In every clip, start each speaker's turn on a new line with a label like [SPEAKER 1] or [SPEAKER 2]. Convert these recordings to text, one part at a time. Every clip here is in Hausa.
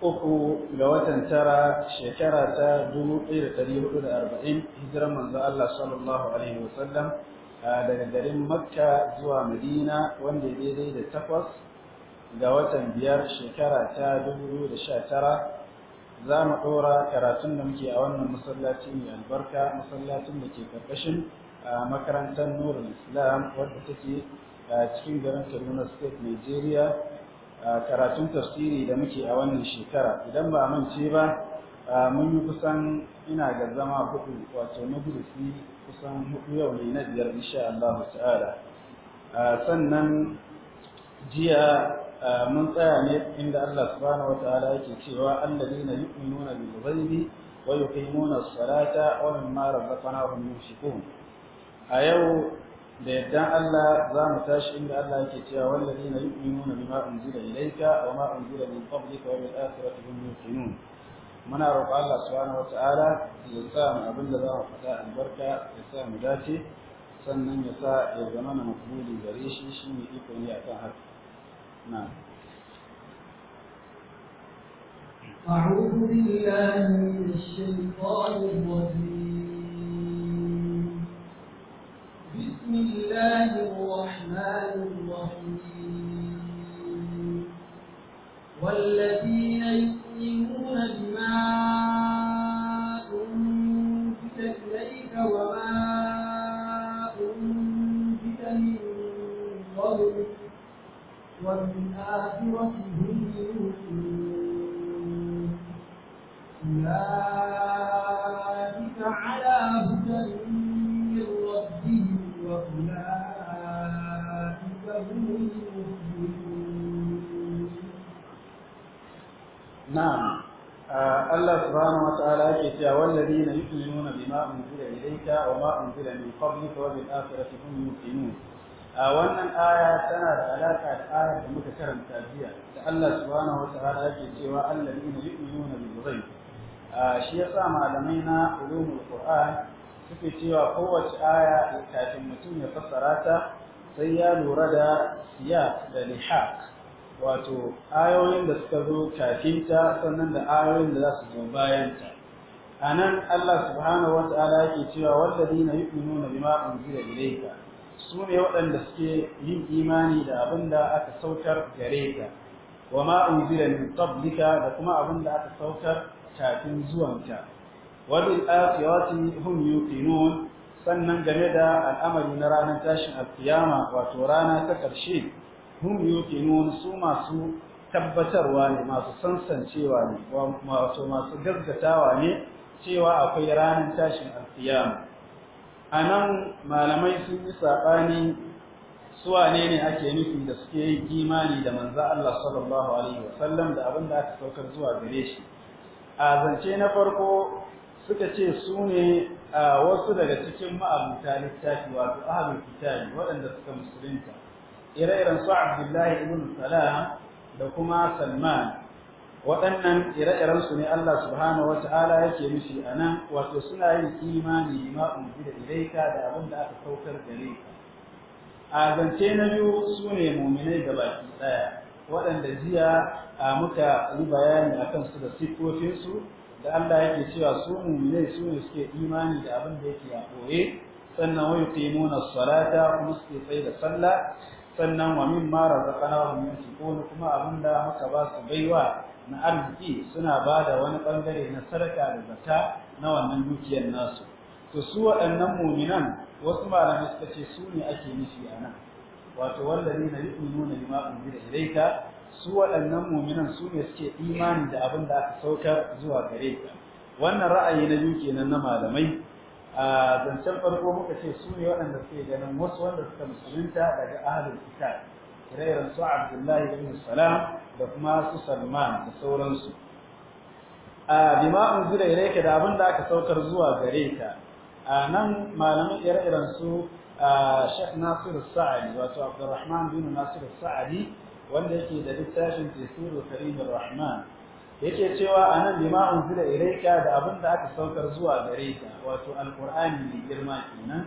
[SPEAKER 1] uku ga watan tara shekara ta 1440 hijirar manzo Allah sallallahu alaihi wasallam daga garin Makka zuwa Madina wanda ya daidai da takwas ga watan biyar shekara ta tara, za mu ɗora karatun da muke a wannan masallaci mai albarka masallacin da ke ƙarƙashin makarantar nurul islam wadda take cikin garin kaduna state nigeria karatun tafsiri da muke a wannan shekara idan ba mance ba mun yi kusan ina ga zama hudu wato na hudu kusan hudu yau ne na biyar insha Allah ta'ala sannan jiya mun tsaya ne inda Allah subhanahu wataala yake cewa alladheena yu'minuna bil ghaibi wa yuqimuna as-salata wa mimma razaqnahum yunfiqun
[SPEAKER 2] a yau
[SPEAKER 1] da yadda Allah za mu tashi inda Allah yake cewa wallazina yu'minuna bima unzila ilayka wa ma unzila min qablika wa bil akhirati hum yuqinun muna roƙon Allah subhanahu wata'ala ya sa mu abin da za mu fita albarka ya sa mu dace sannan ya sa ya zama na makbuli gare shi shi ne iko ne akan haka na
[SPEAKER 2] أعوذ بالله من الشيطان الرجيم بسم الله الرحمن الرحيم والذين يؤمنون بما أنزل إليك وما أنزل من قبلك وبالآخرة هم يوقنون أولئك على
[SPEAKER 1] yake cewa wallazina yu'minuna bima unzila ilayka wa ma unzila min qablika wa a wannan aya tana da alaka da ayar da muka karanta jiya da Allah subhanahu wa ta'ala yake cewa Allah yu'minuna bil ghaib shi yasa malamai na ulumul qur'an suke cewa kowace aya kafin mutum ya fassara ta sai ya lura da siya da lihaq wato ayoyin da suka zo kafin ta sannan da ayoyin da za su
[SPEAKER 2] zo bayan ta
[SPEAKER 1] anan Allah subhanahu wataala yake cewa wallazina yu'minuna bima unzila ilayka su ne waɗanda suke yin imani da abinda aka sautar gare ka wa ma unzila min qablika da kuma abinda aka sautar kafin zuwanka wa bil akhirati hum yuqinun sannan game da al'amari na ranar tashin alkiyama wato rana ta karshe hum yuqinun su masu tabbatarwa ne masu sansancewa ne masu gaggatawa ne cewa akwai ranar tashin
[SPEAKER 2] alkiyama
[SPEAKER 1] a nan malamai sun yi saɓani suwa ne ake nufi da suke yin imani da manza Allah sallallahu alaihi wasallam da abin da aka saukar zuwa gare shi a zance na farko suka ce su ne a wasu daga cikin ma'abuta littafi wato ahlul kitabi waɗanda suka musulunta ire-iren su Abdullahi ibn Salam da kuma Salman waɗannan ire-iren su ne Allah subhanahu wata'ala yake mishi a nan wato suna yin imani ma da ilaika da abin da aka saukar gare ka a zance na biyu su ne muminai da baki ɗaya waɗanda jiya a muka yi bayani a su da siffofinsu da Allah yake cewa su muminai su ne suke imani da abin da yake a ɓoye sannan wani taimuna salata kuma suke tsaye da sallah sannan wa min mara zaƙana ko ni kuma abin da muka ba su baiwa na arziki suna ba da wani bangare na sadaka da zata na wannan dukiyar nasu to su waɗannan mu'minan wasu malamai suka ce su ne ake nufi a nan wato wallazina yu'minuna bima da ilayka su waɗannan mu'minan su ne suke imani da abin da aka saukar zuwa gare ka wannan ra'ayi na biyu kenan na malamai a zancen farko muka ce su ne waɗanda suke ganin wasu wanda suka musulunta daga ahalin kitab ire su Abdullahi ibn Salam da kuma su Salman da sauransu a bima unzila ilayka da abinda aka saukar zuwa gare ka a nan malamin ire-iren su Sheikh Nasir Sa'adi wato Abdulrahman bin Nasiru Sa'adi wanda yake da littafin Tafsirul Karim Rahman yake cewa a nan unzila ilayka da abin da aka saukar zuwa gare ka wato alqur'ani mai girma kenan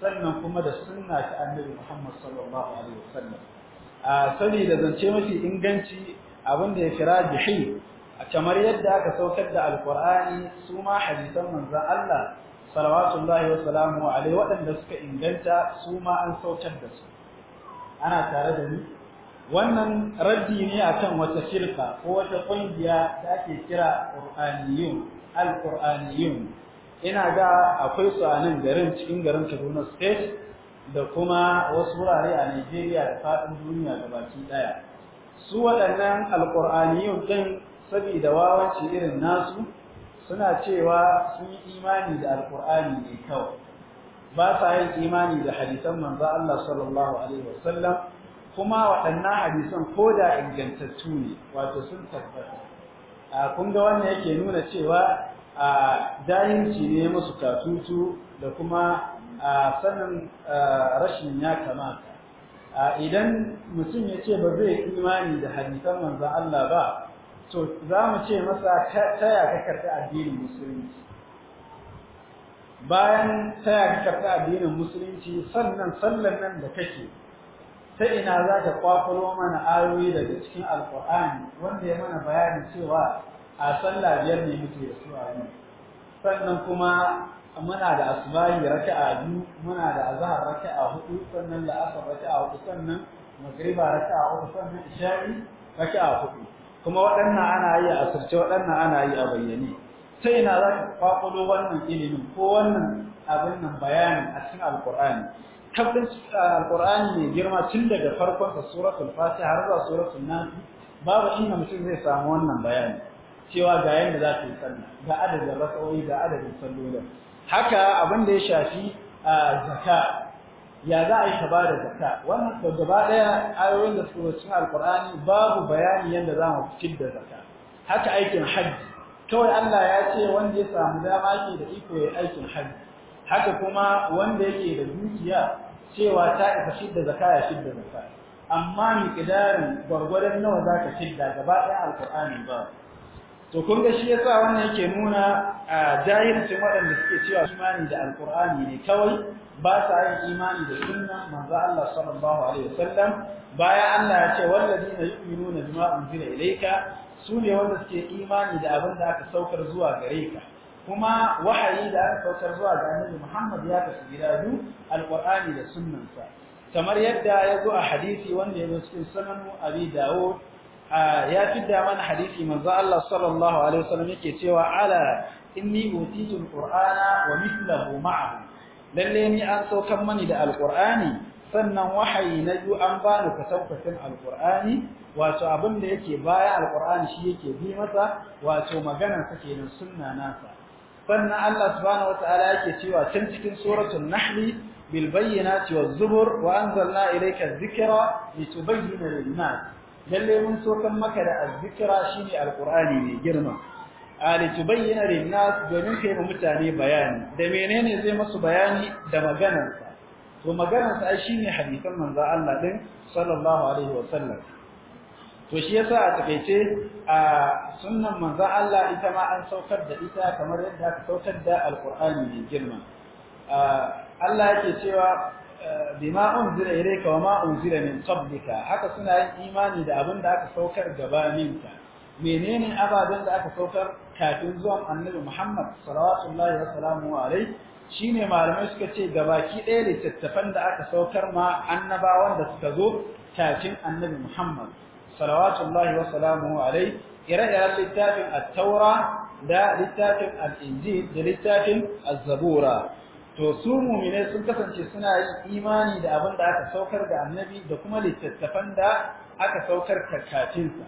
[SPEAKER 1] sannan kuma da sunna ta annabi Muhammad sallallahu alaihi wasallam a sani da zance mafi inganci abinda ya kira jihi kamar yadda aka saukar da alkur'ani su ma hadisan manzon Allah salawatullahi wa salamu alai waɗanda suka inganta su ma an saukar da su ana tare da ni wannan raddi ne a kan wata shirka ko wata ƙungiya da ake kira qur'aniyun alqur'aniyun ina ga akwai su a nan garin cikin garin Kaduna state da kuma wasu wurare a Najeriya da faɗin duniya da ɗaya. Su waɗannan alƙur'aniyun ɗin saboda wawanci irin nasu suna cewa sun yi imani da alƙur'ani ne kawai. Ba sa yin imani da hadisan manzo Allah sallallahu alaihi wasallam kuma waɗannan hadisan ko da ingantattu ne wato
[SPEAKER 2] sun tabbata.
[SPEAKER 1] kun ga wannan yake nuna cewa a dayinci ne musu tatutu da kuma A sanin rashin ya kamata idan mutum ya ce ba zai imani da hadisan manzon Allah ba to za mu ce masa ta ya ka karta addinin musulunci bayan ta ya ka karta addinin musulunci sannan sallar nan da kake ta ina za ka kwakwalo mana ayoyi daga cikin alkur'ani wanda ya mana bayani cewa a sallah biyar ne muke da su a yi sannan kuma muna da asbahi raka'a biyu muna da azhar raka'a hudu sannan la'asar raka'a hudu sannan magriba raka'a hudu sannan isha'i raka'a hudu kuma waɗannan ana yi a asirce waɗannan ana yi a bayyane sai na za ka kwakwalo wannan ilimin ko wannan abin nan bayanin a cikin alqur'ani kafin alqur'ani mai girma tun daga farkon sa suratul fatiha har zuwa suratul nas babu inda mutum zai samu wannan bayani cewa ga yanda za ka yi sallah ga adadin raka'o'i ga adadin sallolin haka abin da ya shafi zakka ya za a yi ka da zakka wannan to gaba ɗaya ayoyin da suke cikin alqur'ani babu bayani yanda za mu fitar da zakka haka aikin hajji kawai Allah ya ce wanda ya samu dama ke da iko ya aikin hajji haka kuma wanda yake da dukiya cewa ta isa shidda zakka ya shidda zakka amma miqdarin gwargwadon nawa zaka shidda gaba ɗaya alkur'ani ba to kun ga shi yasa wannan yake nuna a jahilcin waɗanda suke cewa imani da alkur'ani ne kawai ba sa yin imani da sunna manzo Allah sallallahu alaihi wasallam baya Allah ya ce walladina yu'minuna bima unzila ilayka su ne wanda suke imani da abin da aka saukar zuwa gare ka kuma wahayi da aka saukar zuwa ga Annabi Muhammad ya tafi gida du alkur'ani da sunnansa kamar yadda ya zo a hadisi wanda ya zo cikin sunan Abi Dawud ya fidda mana hadisi manzo Allah sallallahu alaihi wasallam yake cewa ala inni utitu alqur'ana wa mithluhu ma'ahu lalle ni an saukan mani da alqur'ani sannan wahayi na biyu an bani kasankwacin alqur'ani wato abin da yake baya alqur'ani shi yake bi masa wato maganarsa sa kenan sunna nasa sannan Allah subhanahu wataala yake cewa tun cikin suratul nahl bil bayyinati waz zubur wa anzalna ilayka adh-dhikra litubayyana lin-nas lalle mun sokan maka da azzikra shine alqur'ani mai girma ali tubayyana linnas domin kai ma mutane bayani da menene zai masu bayani da maganarsa to maganarsa ai shine hadisan manzon Allah din sallallahu alaihi wasallam to shi yasa a takeice a sunnan manzon Allah ita ma an saukar da ita kamar yadda aka saukar da alqur'ani mai girma Allah yake cewa bima unzila ilayka wa ma unzila min qablika haka suna yin imani da abin da aka saukar gaba gabaninka menene ababen da aka saukar kafin zuwan annabi Muhammad sallallahu wa sallamu shine malamai suka ce gabaki ɗaya littattafan da aka saukar ma annabawan da suka zo kafin annabi Muhammad sallallahu wa sallamu littafin at da littafin al-injil da littafin az-zabura to su mu'mine sun kasance suna yin imani da abin da aka saukar da annabi da kuma littattafan da aka saukar kakatinsa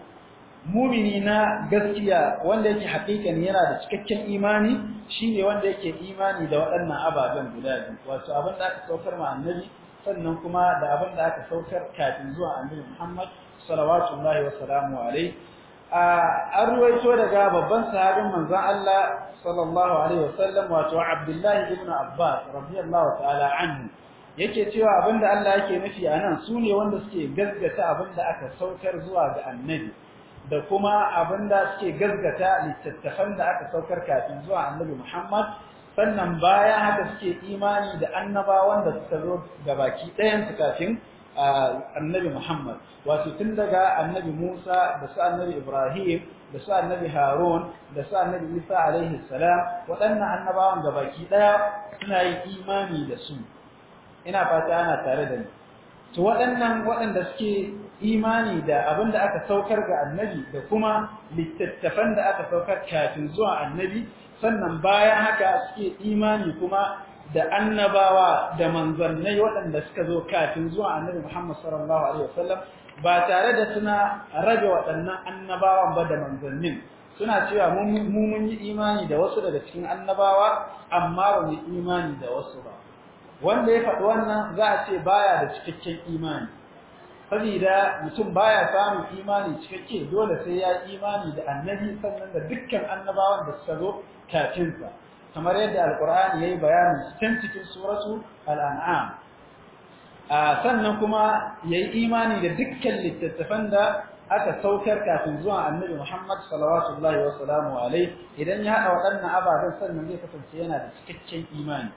[SPEAKER 1] mumini na gaskiya wanda yake haƙiƙani yana da cikakken imani shine wanda yake imani da waɗannan ababen guda biyu wato abin da aka saukar ma annabi sannan kuma da abin da aka saukar kafin zuwa annabi Muhammad sallallahu alaihi wasallam alaihi a ruwaito daga babban sahabin manzon Allah sallallahu alaihi wasallam wato Abdullah ibn Abbas radiyallahu ta'ala anhu yake cewa abinda Allah yake nufi anan sune wanda suke gaskata abinda aka saukar zuwa ga annabi da kuma abinda suke gaskata littattafan da aka saukar kafin zuwa annabi Muhammad sannan baya haka suke imani da annabawan da suka zo gabaki ɗayan su kafin annabi Muhammad wato tun daga annabi Musa da su annabi Ibrahim da su annabi Harun da su annabi Isa alaihi salam waɗannan annabawan da baki daya suna yin imani da su ina fata ana tare da ni to waɗannan waɗanda suke imani da abin da aka saukar ga annabi da kuma littattafan da aka saukar kafin zuwa annabi sannan bayan haka suke imani kuma da annabawa da manzannai waɗanda suka zo kafin zuwa annabi Muhammad sallallahu alaihi wasallam ba tare da suna rage waɗannan annabawan ba da manzannin suna cewa mu mun yi imani da wasu daga cikin annabawa amma ba mu imani da wasu ba wanda ya faɗi wannan za a ce baya da cikakken imani saboda mutum baya samun imani cikakke dole sai ya imani da annabi sannan da dukkan annabawan da suka zo kafinsa kamar yadda ya yayi bayanin cikin cikin suratu al-an'am sannan kuma yayi imani da dukkan littattafan da aka saukar kafin zuwa annabi Muhammad sallallahu alaihi wasallam alai idan ya hada wadannan ababen sannan zai kasance yana da cikakken imani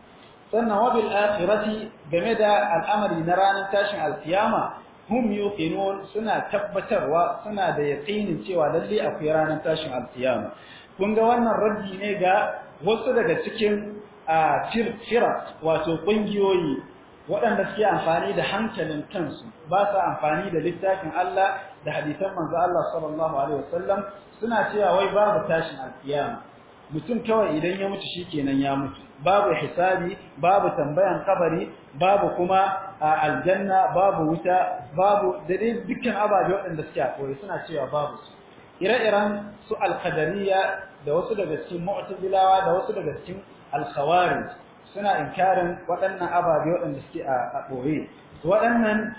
[SPEAKER 1] sannan wabil akhirati game da al'amari na ranar tashin alkiyama hum yuqinun suna tabbatarwa suna da yaqinin cewa lalle akwai ranar tashin alkiyama kun ga wannan raddi ne ga wasu daga cikin fira wato ƙungiyoyi, waɗanda suke amfani da hankalin kansu ba sa amfani da littafin Allah da hadisan manzo Allah sallallahu alaihi wasallam suna cewa wai babu tashin alkiyama mutum kawai idan ya mutu shikenan ya mutu babu hisabi babu tambayan kabari babu kuma aljanna babu wuta babu da dai dukkan ababe waɗanda suke a koyi suna cewa babu su ire-iren su alkadariya da wasu daga cikin mu'tazilawa da wasu daga cikin alkhawarij suna inkarin waɗannan ababe waɗanda suke a ɓoye waɗannan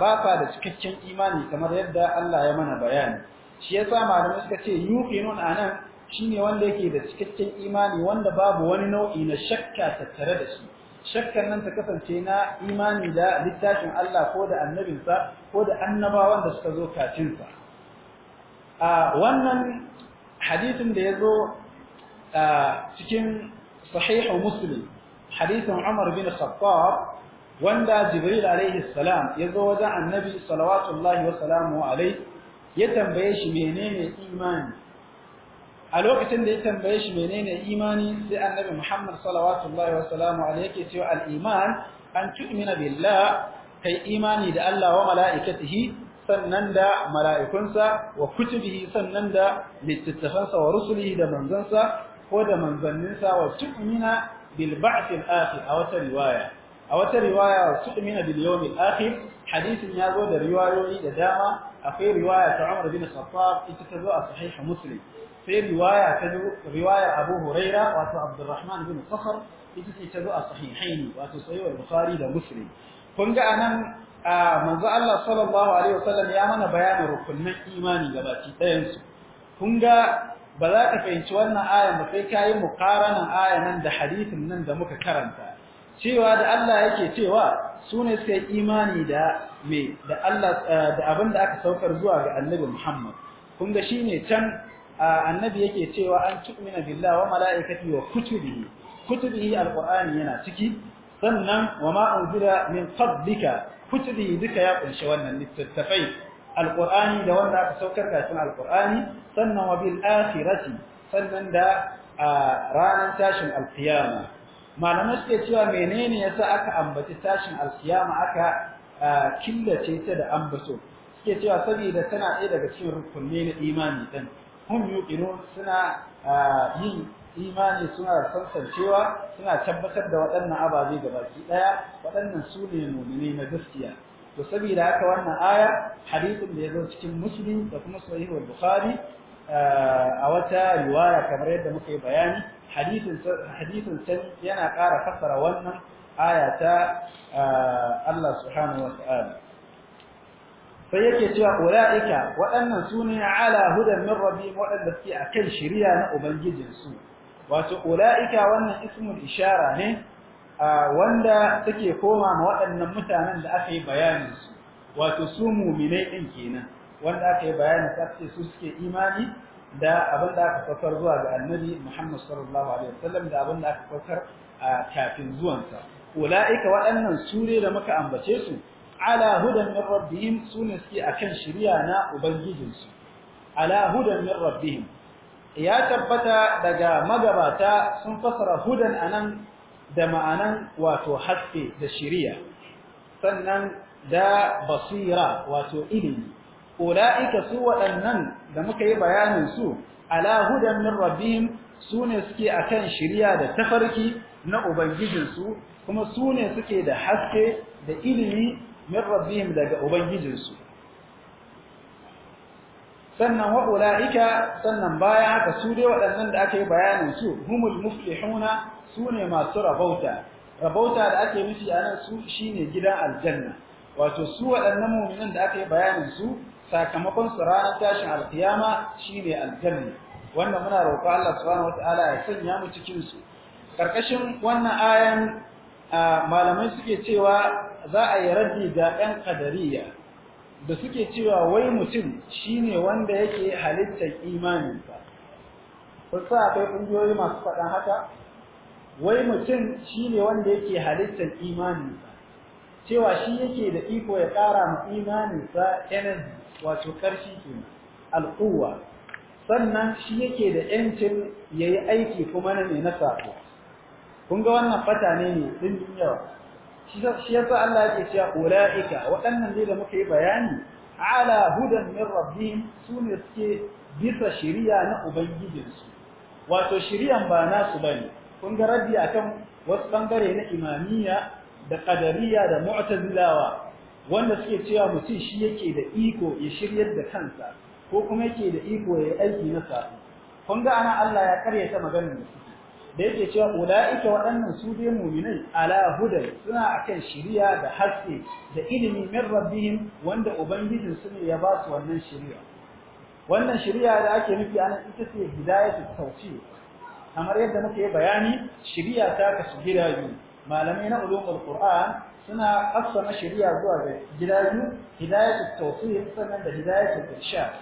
[SPEAKER 1] ba sa da cikakken imani kamar yadda Allah ya mana bayani shi yasa malamai suka ce yuqinun anan shine wanda yake da cikakken imani wanda babu wani nau'i na shakka tattare da shi shakkan nan ta kasance na imani da littafin Allah ko da annabinsa ko da annabawan da suka zo kafin sa wannan hadithin da ya zo cikin sahihu muslim hadithin umar bin khattab wanda jibril alaihi salam ya zo wajen annabi salawatullahi wa salamu alaihi ya tambaye shi menene imani a lokacin da ya tambaye shi menene imani sai annabi muhammad salawatullahi wa salamu alaihi yake cewa al-iman an tu'mina billah kai imani da Allah wa mala'ikatihi sannan da mala'ikunsa wa kutubihi sannan da littattafansa wa rusuli da manzansa ko da manzanninsa wa tu'mina bil ba'th a wata riwaya a wata riwaya wa tu'mina bil yawm al hadisin ya zo da riwayoyi da dama akwai riwaya ta Umar bin Khattab ita ta zo a sahih Muslim sai riwaya ta zo riwaya Abu Huraira wato Abdurrahman bin Sakhr ita ce ta zo a sahihaini wato sahih bukari da Muslim kun ga nan a manzo Allah sallallahu alaihi wasallam ya mana bayanin rukunin imani gabaki ɗayan su kun ga ba za ka fahimci wannan ayan ba sai kayi muqaranan ayanan da hadisin nan da muka karanta cewa da Allah yake cewa sune sai imani da me da Allah eh, da abin da aka saukar zuwa ga Annabi Muhammad kun ga shine can annabi yake cewa an tu'mina billahi wa malaikatihi wa kutubihi kutubihi alqur'ani yana ciki sannan wa ma unzila min qablika kutubi duka ya kunshi wannan littattafai alƙur'ani da wanda aka saukar kafin alqur'ani sannan wa bil akhirati sannan da ranar tashin alqiyama malamai suke cewa menene yasa aka ambaci tashin alqiyama aka killace ta da ambato suke cewa saboda tana ɗaya daga cikin rukunne na imani din hum yuqinun suna yin imani suna sansancewa suna tabbatar da waɗannan ababe da baki ɗaya, waɗannan su ne mu'mini na gaskiya to saboda haka wannan aya hadithin da ya zo cikin muslim da kuma sahih al-bukhari eh, a wata riwaya kamar yadda muka yi bayani hadithin hadisin yana ƙara fassara wannan aya ta eh, Allah subhanahu wa ta'ala sai yake cewa ulaika waɗannan sune ala hudan min rabbihim waɗanda suke akan shari'a na ubangijinsu wato ula'ika wannan ismul ishara ne wanda take koma ma waɗannan mutanen da aka yi bayaninsu, wato su mu'minai ɗin kenan wanda aka yi bayanin su su suke imani da abin da aka saukar zuwa ga annabi Muhammad sallallahu alaihi wasallam da abin da aka saukar a kafin zuwansa ula'ika waɗannan sure da muka ambace su ala hudan min rabbihim sune suke akan shari'a na ubangijinsu ala hudan min rabbihim ya tabbata daga magabata sun fasara hudan anan da ma'anan wato haske da shiriya sannan da basira wato ilimi ulaika su waɗannan da muka yi bayanin su ala hudan min rabbihim sune suke akan shiriya da tafarki na ubangijinsu kuma sune suke da haske da ilimi min rabbihim daga ubangijinsu sannan wa sannan baya haka su dai waɗannan da aka yi bayanin su humul muflihuna sune masu rabauta rabauta da ake nufi a nan su shine gidan aljanna wato su waɗannan mu'minan da aka yi bayanin su sakamakon su ranar tashin alkiyama shine aljanna wannan muna roƙo Allah subhanahu wataala ya sanya mu cikin su karkashin wannan ayan malamai suke cewa za a yi raddi ga ƴan qadariyya. da suke cewa wai mutum shine wanda yake halittar imaninsa sa akwai ƙungiyoyi masu faɗan haka wai mutum shine wanda yake halittar imaninsa cewa shi yake da iko ya ƙara ma imaninsa energy wato ƙarfi kenan al'uwa sannan shi yake da yancin yayi aiki kuma na ne na sako kun ga wannan fata ne ne din yawa shi yasa Allah yake cewa ulaika waɗannan ne da muka yi bayani ala hudan min rabbihim sune suke bisa shiriya na ubangijinsu wato shiriyan ba nasu bane kun ga raddi akan wasu bangare na imamiyya da qadariyya da mu'tazilawa wanda suke cewa mutum shi yake da iko ya shiryar da kansa ko kuma yake da iko ya aiki na sa kun ga ana Allah ya karyata maganar da da yake cewa ula'ika waɗannan su dai mu'minai ala hudan suna akan shiriya da haske da ilimi min rabbihim wanda ubangijin su ne ya ba su wannan shiriya wannan shiriya da ake nufi anan ita ce hidayatu tawfiq kamar yadda muke bayani shiriya ta kasu gida malamai na ulumul qur'an suna qassama shiriya zuwa ga gida biyu tawfiq sannan da hidayatu irshad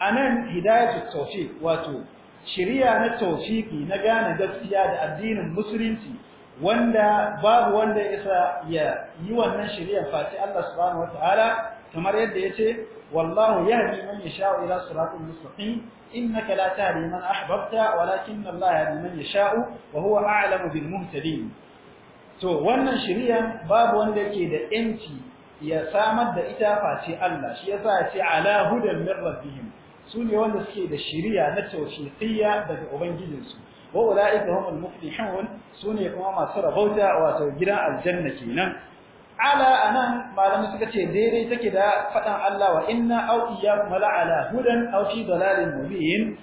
[SPEAKER 1] anan hidayatu tawfiq wato shiriya na tawfiki na gane gaskiya da addinin musulunci wanda babu wanda isa ya yi wannan shiriya fati Allah subhanahu wataala kamar yadda yace wallahu yahdi man yasha'u ila siratin mustaqim innaka la tahdi man ahbabta walakin Allah yahdi man yasha'u wa huwa a'lamu bil muhtadin to wannan shiriya babu wanda yake da yanci ya samar da ita faci Allah shi yasa ya ce ala hudan min rabbihim su ne wanda suke da shiriya na tawfiqiyya daga ubangijinsu wa ulaika humul muflihun su ne kuma masu rabauta wato gidan aljanna kenan ala anan malamai suka ce daidai take da faɗan Allah wa inna auki ya kuma ala hudan aw fi dalalin mubin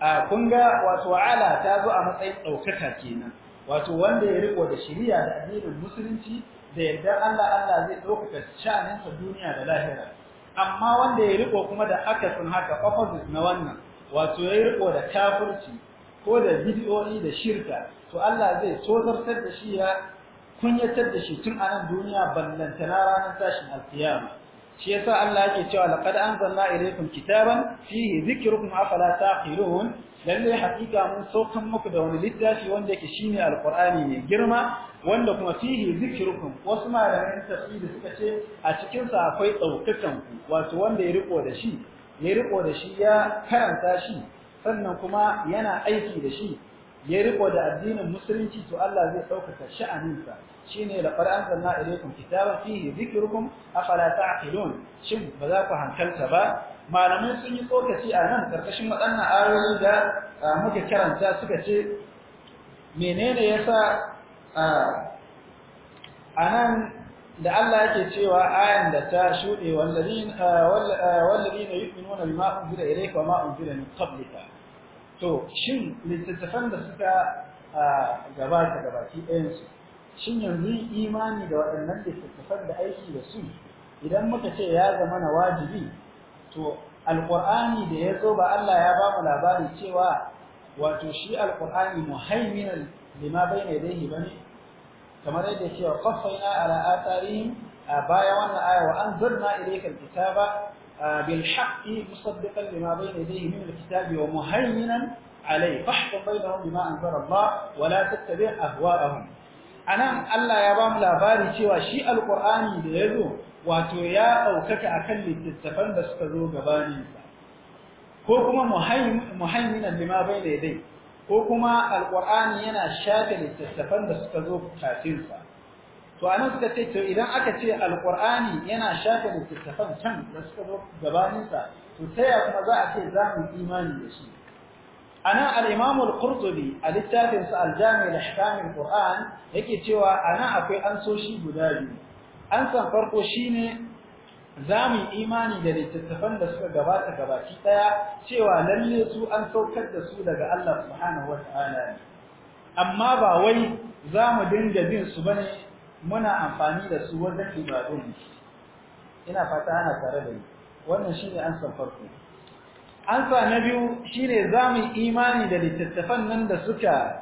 [SPEAKER 1] a kunga wato ala ta zo a matsayin ɗaukaka kenan wato wanda ya riko da shiriya da addinin musulunci da yadda Allah Allah zai ɗaukaka sha'aninsa duniya da lahira amma wanda ya riko kuma da haka sun haka opposite na wannan wato ya riko da kafirci ko da bid'o'i da shirka to Allah zai tozartar da shi ya kunyatar da shi tun a nan duniya lantana ranar tashin alkiyama shi yasa Allah yake cewa laqad anzalna ilaykum kitaban fihi dhikrukum afala taqilun lalle hakika mun saukan muku da wani littafi wanda yake shine alqur'ani ne girma wanda kuma fihi dhikrukum wasu malaman tafsiri suka ce a cikin sa akwai daukakan ku wato wanda ya riko da shi ya riko da shi ya karanta shi sannan kuma yana aiki da shi ya riko da addinin musulunci to Allah zai saukaka sha'aninsa shine laqad Kitabar ilaykum kitaban fihi dhikrukum a filon. shin ba za ku hankalta ba malamai sun yi tsokaci a nan ƙarƙashin waɗannan ayoyi da muke karanta suka ce menene yasa a nan da Allah yake cewa ayan da ta shuɗe wallazina wallazina yu'minuna bima unzila ilayka wa ma unzila min qablika to shi littattafan da suka gabata gabaki ɗayansu shin yanzu imani da waɗannan littattafan da aiki da su idan muka ce ya zama na wajibi to alqur'ani da ya zo ba Allah ya ba mu labari cewa wato shi alqur'ani muhaiminan lima bayna yadayhi bane kamar yadda cewa qaffaina ala atharihim baya wannan aya wa anzalna ilayka alkitaba بالحق مصدقا لما بين يديه bai الكتاب ومهيمنا عليه فاحكم بينهم بما انزل الله ولا تتبع اهواءهم anan Allah ya ba mu labari cewa shi alqur'ani da yazo wato ya aukaka akan littattafan da suka zo gabanin sa ko kuma muhaiminan lima bayna yadai ko kuma alqur'ani yana shafe littattafan da suka zo kafin sa to anan suka ce to idan aka ce alqur'ani yana shafe littattafan can da suka zo gabanin sa to sai kuma za a ce za mu imani da shi ana al-Imam al a littafinsu sa al-Jami' al-Ahkam yake cewa ana akwai ansoshi guda biyu an farko shine zamu imani da littattafan da suka gabata gabaki daya cewa lalle su an saukar da su daga Allah subhanahu wataala amma ba wai zamu dinga bin su bane muna amfani da su wajen ibadun ina fata ana tare da ni wannan shine an san farko ansa na biyu shine zamu imani da littattafan nan da suka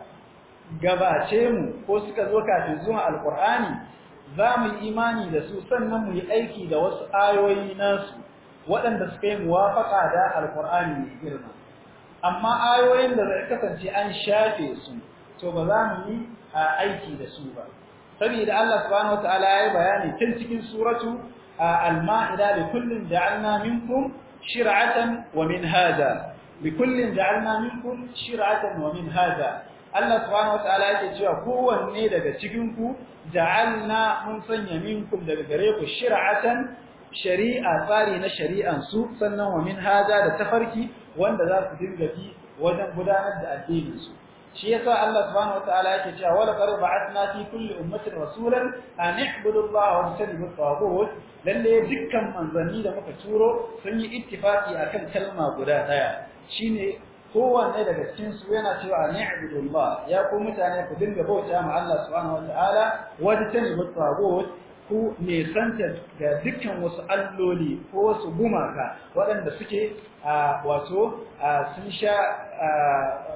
[SPEAKER 1] gabace mu ko suka zo kafin zuwa alqur'ani zamu imani da su sannan mu yi aiki da wasu ayoyi nasu waɗanda suka yi muwafaqa da alqur'ani mai girma amma ayoyin da zai kasance an shafe su to ba za mu yi aiki da su ba saboda Allah subhanahu ya yi bayani tun cikin suratu al-ma'ida da kullun ja'alna minkum shir'atan wa minhaja likullin ja'alna minkum shir'atan wa minhaja Allah subhanahu wataala yake cewa kowanne daga cikin ku ja'alna mun sanya minkum daga gare ku shir'atan shari'a tsari na shari'an su sannan wa minhaja da tafarki wanda za su dinga bi wajen gudanar da addinin su shi yasa Allah subhanahu wataala yake cewa wala qad ba'athna fi kulli ummatin rasulan an i'budu Allaha wa tajtanibu at lalle dukkan manzanni da muka turo sun yi ittifaqi akan kalma guda daya shine kowanne daga cikin su yana cewa an i'budu Allah ya ku mutane ku dinga bauta ma Allah subhanahu wataala wa tajtanibu ku santa ga dukkan wasu alloli ko wasu gumaka waɗanda suke wato sun sha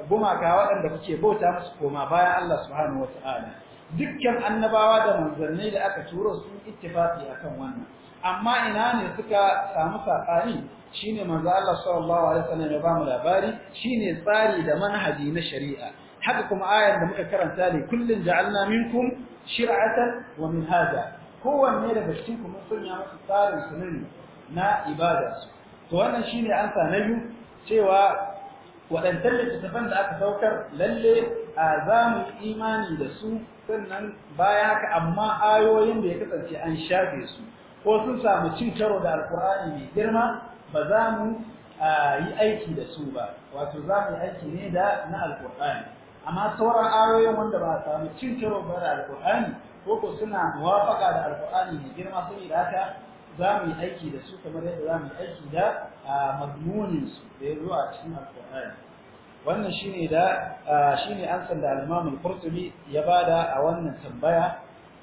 [SPEAKER 1] gumaka waɗanda suke bauta musu koma bayan Allah subhanahu wata'ala dukkan annabawa da manzannai da aka turo sun ittifaqi akan wannan amma ina ne suka samu sakani shine manzo Allah sallallahu alaihi wasallam ya ba mu labari shine tsari da manhaji na shari'a haka kuma ayar da muka karanta ne kullun ja'alna minkum shir'atan wa minhaja kowanne daga cikin ku mun sanya masu tsarin sunani na ibada su to wannan shi ne an sa cewa waɗantar littattafan da aka saukar lalle a za mu imani da su sannan baya haka amma ayoyin da ya kasance an shafe su ko sun samu cin karo da alkur'ani mai girma ba za mu yi aiki da su ba wato za mu yi aiki ne da na alkur'ani amma sauran ayoyin wanda ba a samu cin karo ba da alkur'ani koko suna muwafaka da alkur'ani mai girma saboda haka za mu yi aiki da su kamar yadda za mu yi aiki da magmuninsu. su da ya zo a cikin alkur'ani wannan shine da shine ansan da al-Imam al-Qurtubi ya bada a wannan tambaya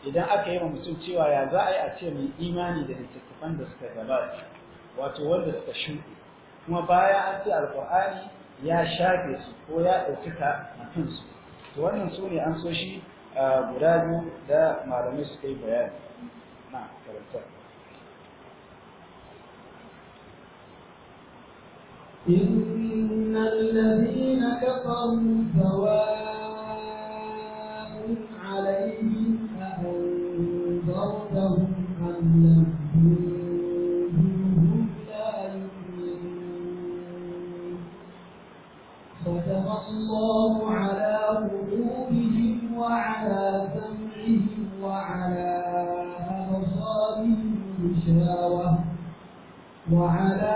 [SPEAKER 1] idan aka yi wa mutum cewa ya za a yi a ce mai imani da littattafan da suka gabata wato wanda suka shuɗe kuma baya an ce alkur'ani ya shafe su ko ya ɗauki ka a kansu to wannan su ne an so shi مرادو دا da كي بيان نعم bayani
[SPEAKER 2] إن الذين كفروا سواء عليهم أأنذرتهم أم لم تنذرهم لا يؤمنون ختم الله على قلوبهم وعلى سمعهم وعلى أبصارهم غشاوة وعلى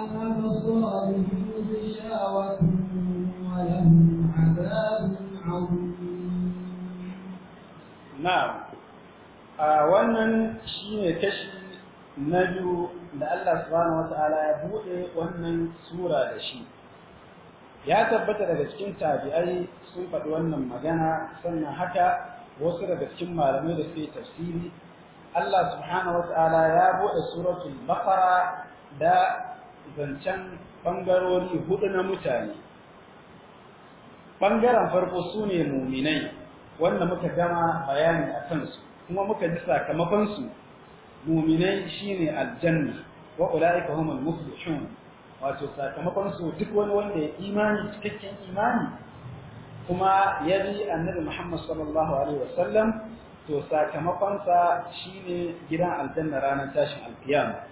[SPEAKER 2] أبصارهم غشاوة ولهم عذاب عظيم نعم wannan shi ne
[SPEAKER 1] kashi na biyu da Allah subhanahu wa ta'ala ya buɗe wannan sura da shi ya tabbata daga cikin tabi'ai sun faɗi wannan magana sannan haka wasu daga cikin malamai da suke tafsiri Allah subhanahu Ta'ala ya buɗe suratul baqara da zancen bangarori hudu na mutane bangaren farko sune mu'minai wanda muka gama bayani a kansu kuma muka ji sakamakon su mu'minai shine aljanna wa ulaika humul muflihun wato sakamakon su duk wani wanda ya imani cikakken imani kuma ya bi annabi Muhammad sallallahu alaihi wasallam to sakamakonsa sa shine gidan aljanna ranar tashin alkiyama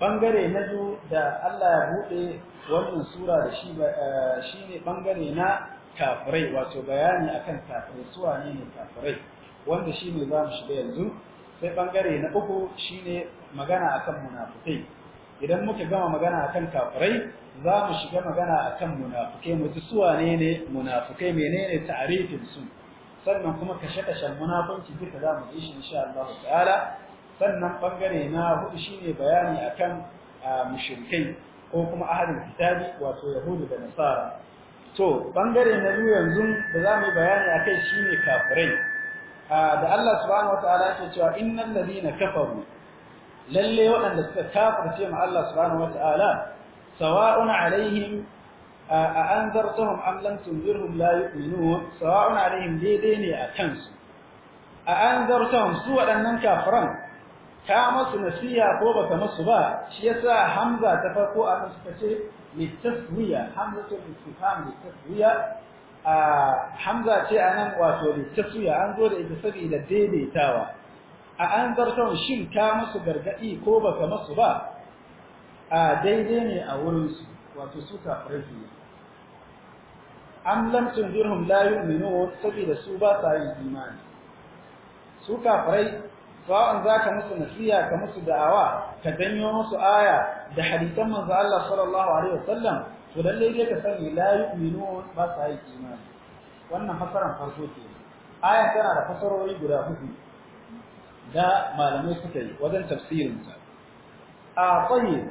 [SPEAKER 1] bangare na biyu da Allah ya bude wannan sura da shi eh, shine bangare na kafirai wato bayani akan kafirai suwa ne ne kafirai wanda shine zamu shiga yanzu sai bangare na uku shine magana akan munafikai idan muka gama magana akan kafirai za mu shiga magana akan munafukai mu ji suwa ne ne munafukai menene ta'arifin su sannan kuma kashe-kashen munafunci duka za mu ji shi insha Allah ta'ala sannan bangare na hudu shine bayani akan mushrikai ko kuma ahlul kitabi wato yahudu da nasara to bangare na biyu yanzu da za mu bayani akai shine kafirai da Allah subhanahu wataala in cewa innal ladina kafaru lalle waɗanda suka kafirce ma Allah subhanahu wata'ala sawa'un alaihim a anzartahum am lam tunzirhum la yu'minun sawa'un alaihim daidai ne a kansu a an anzartahum su waɗannan kafiran ka masu nasiya ko baka masu ba shi yasa hamza ta farko a nan suka ce litaswiya hamza ta istifham litaswiya a hamza ce anan wato litaswiya an zo da ita saboda daidaitawa a an zartar shin ka musu gargaɗi ko baka musu ba a daidai ne a wurin su wato su kafirai am lam tunzirhum la yu'minun saboda su ba sa yin imani su kafirai sa'an zaka musu nasiha ka musu da'awa ka ganyo musu aya da hadisan manzo Allah sallallahu alaihi wasallam to lalle dai ka sani la yu'minun ba sa yin imani wannan fasaran farko ce aya tana da fasarori guda hudu دا مالمي سكي وذن تفسير مسا آه، طيب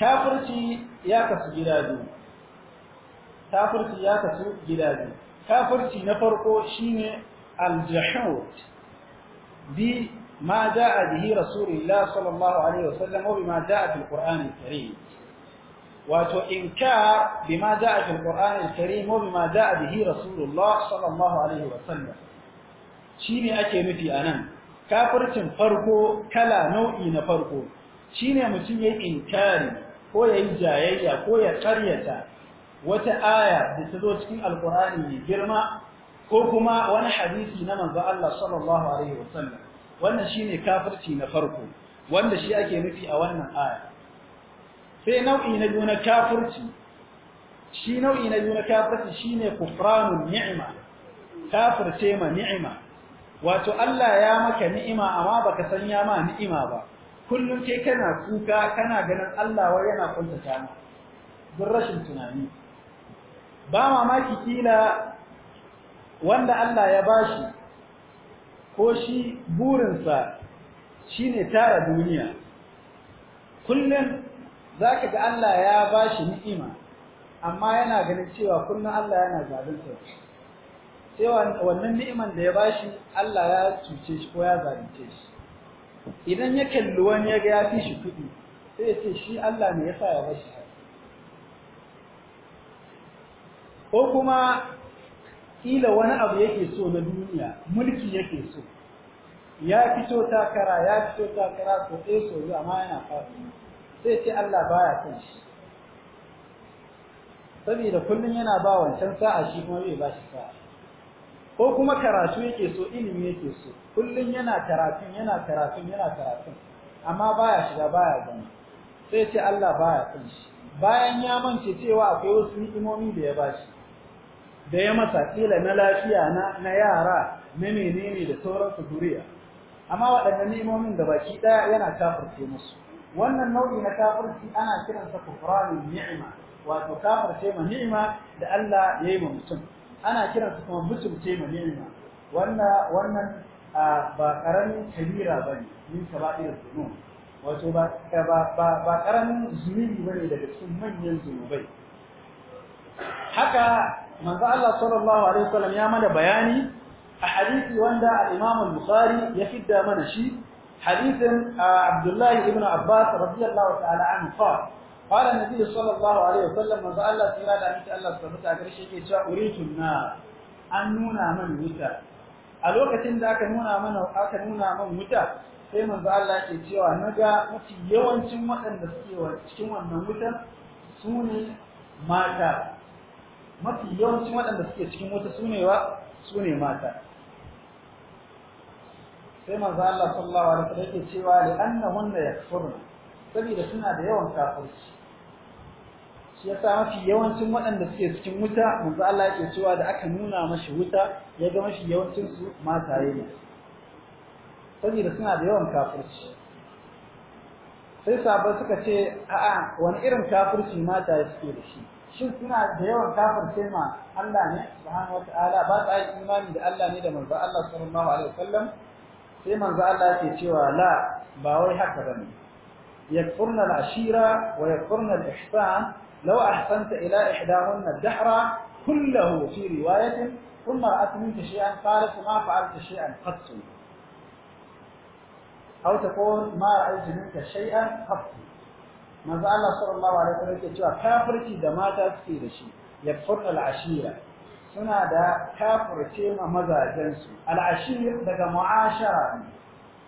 [SPEAKER 1] كافرتي يا كسو جلادي كافرتي يا كسو جلادي كافرتي نفرقو شيني الجحوت بما جاء به رسول الله صلى الله عليه وسلم وبما جاء في القرآن الكريم واتو إنكار بما جاء في القرآن الكريم وبما جاء به رسول الله صلى الله عليه وسلم شيني أكي مفي انا kafircin farko kala nau'i na farko shine mutum ya inkari ko ya yi jayayya ko ya karyata wata aya da ta zo cikin alkur'ani mai girma ko kuma wani hadisi na manzo Allah sallallahu alaihi wasallam wannan shine kafirci na farko wanda shi ake nufi a wannan aya sai nau'i na biyu na kafirci shi nau'i na biyu na kafirci shine kufranu ni'ima kafirce ma ni'ima wato Allah ya maka ni'ima amma baka san ya ma ni'ima ba kullum ke kana kuka kana ganin Allah wai yana kuntata mu don rashin tunani ba mamaki kila wanda Allah ya bashi ko shi burinsa shine tara duniya kullun zaka ga Allah ya bashi ni'ima amma yana ganin cewa kullun Allah yana zalunta sai wannan ni'iman da ya bashi Allah ya cuce shi ko ya zalunce shi idan ya kalli wani ya ga ya fi shi kuɗi sai ya ce shi Allah ne ya sa ya bashi ko kuma kila wani abu yake so na duniya mulki yake so ya fito takara ya fito takara ko ɗaya so amma yana faɗi sai ce Allah baya son shi saboda kullum yana ba wancan sa'a shi kuma bai ba shi sa'a ko kuma karatu yake so ilimi yake so kullun yana karatun yana karatun yana karatun amma baya shiga baya gani sai ce Allah baya son shi bayan ya mance cewa akwai wasu ni'imomi da ya bashi da ya masa kila na lafiya na na yara na menene da sauran su duriya amma waɗannan ni'imomin da baki daya yana kafirce musu wannan nau'i na kafirci ana kiransa kufranin ni'ima wato kafirce ma ni'ima da Allah ya yi ma mutum ana kiran su kuma mutumce manema wannan wannan ba karamin kabira bane min kaba'ir dhunub wato ba ba ba karamin zunubi bane daga cikin manyan zunubai haka manzo Allah sallallahu alaihi wasallam ya mana bayani a hadisi wanda al-Imam al-Bukhari ya fidda mana shi hadisin Abdullah ibn Abbas radiyallahu ta'ala anhu qala قال النبي صلى الله عليه وسلم من الله تعالى da miki Allah subhanahu ta a garshe yake cewa uritun na
[SPEAKER 2] an nuna
[SPEAKER 1] man wuta a lokacin da aka nuna mana aka nuna man wuta sai manzo Allah yake cewa naga mafi yawancin waɗanda suke cikin wannan wutan sune mata mafi yawancin waɗanda suke cikin wuta sune wa su mata sai manzo Allah sallallahu alaihi wasallam yake cewa li annahunna yakfurna saboda suna da yawan kafirci shi yasa mafi yawancin waɗanda suke cikin wuta manzo Allah yake cewa da aka nuna mashi wuta ya ga mafi yawancin su mataye ne saboda suna da yawan kafirci sai sahabbai suka ce a'a wani irin kafirci mataye suke da shi shin suna da yawan kafirce ma Allah ne subhanahu wataala ba
[SPEAKER 2] ta yi imani
[SPEAKER 1] da Allah ne da manzo Allah sallallahu alaihi wasallam sai manzo Allah yake cewa la ba wai haka bane yakfurna al-ashira wa yakfurna al-ihsan لو أحسنت إلى إحداهن الدهر كله في رواية ثم رأت منك شيئا قالت ما فعلت شيئا قط أو تقول ما رأيت منك شيئا قط ماذا الله صلى الله عليه وسلم يقول كافرتي دماتا في رشي يكفر العشيرة suna da kafirce ma mazajensu al'ashir daga mu'ashara ne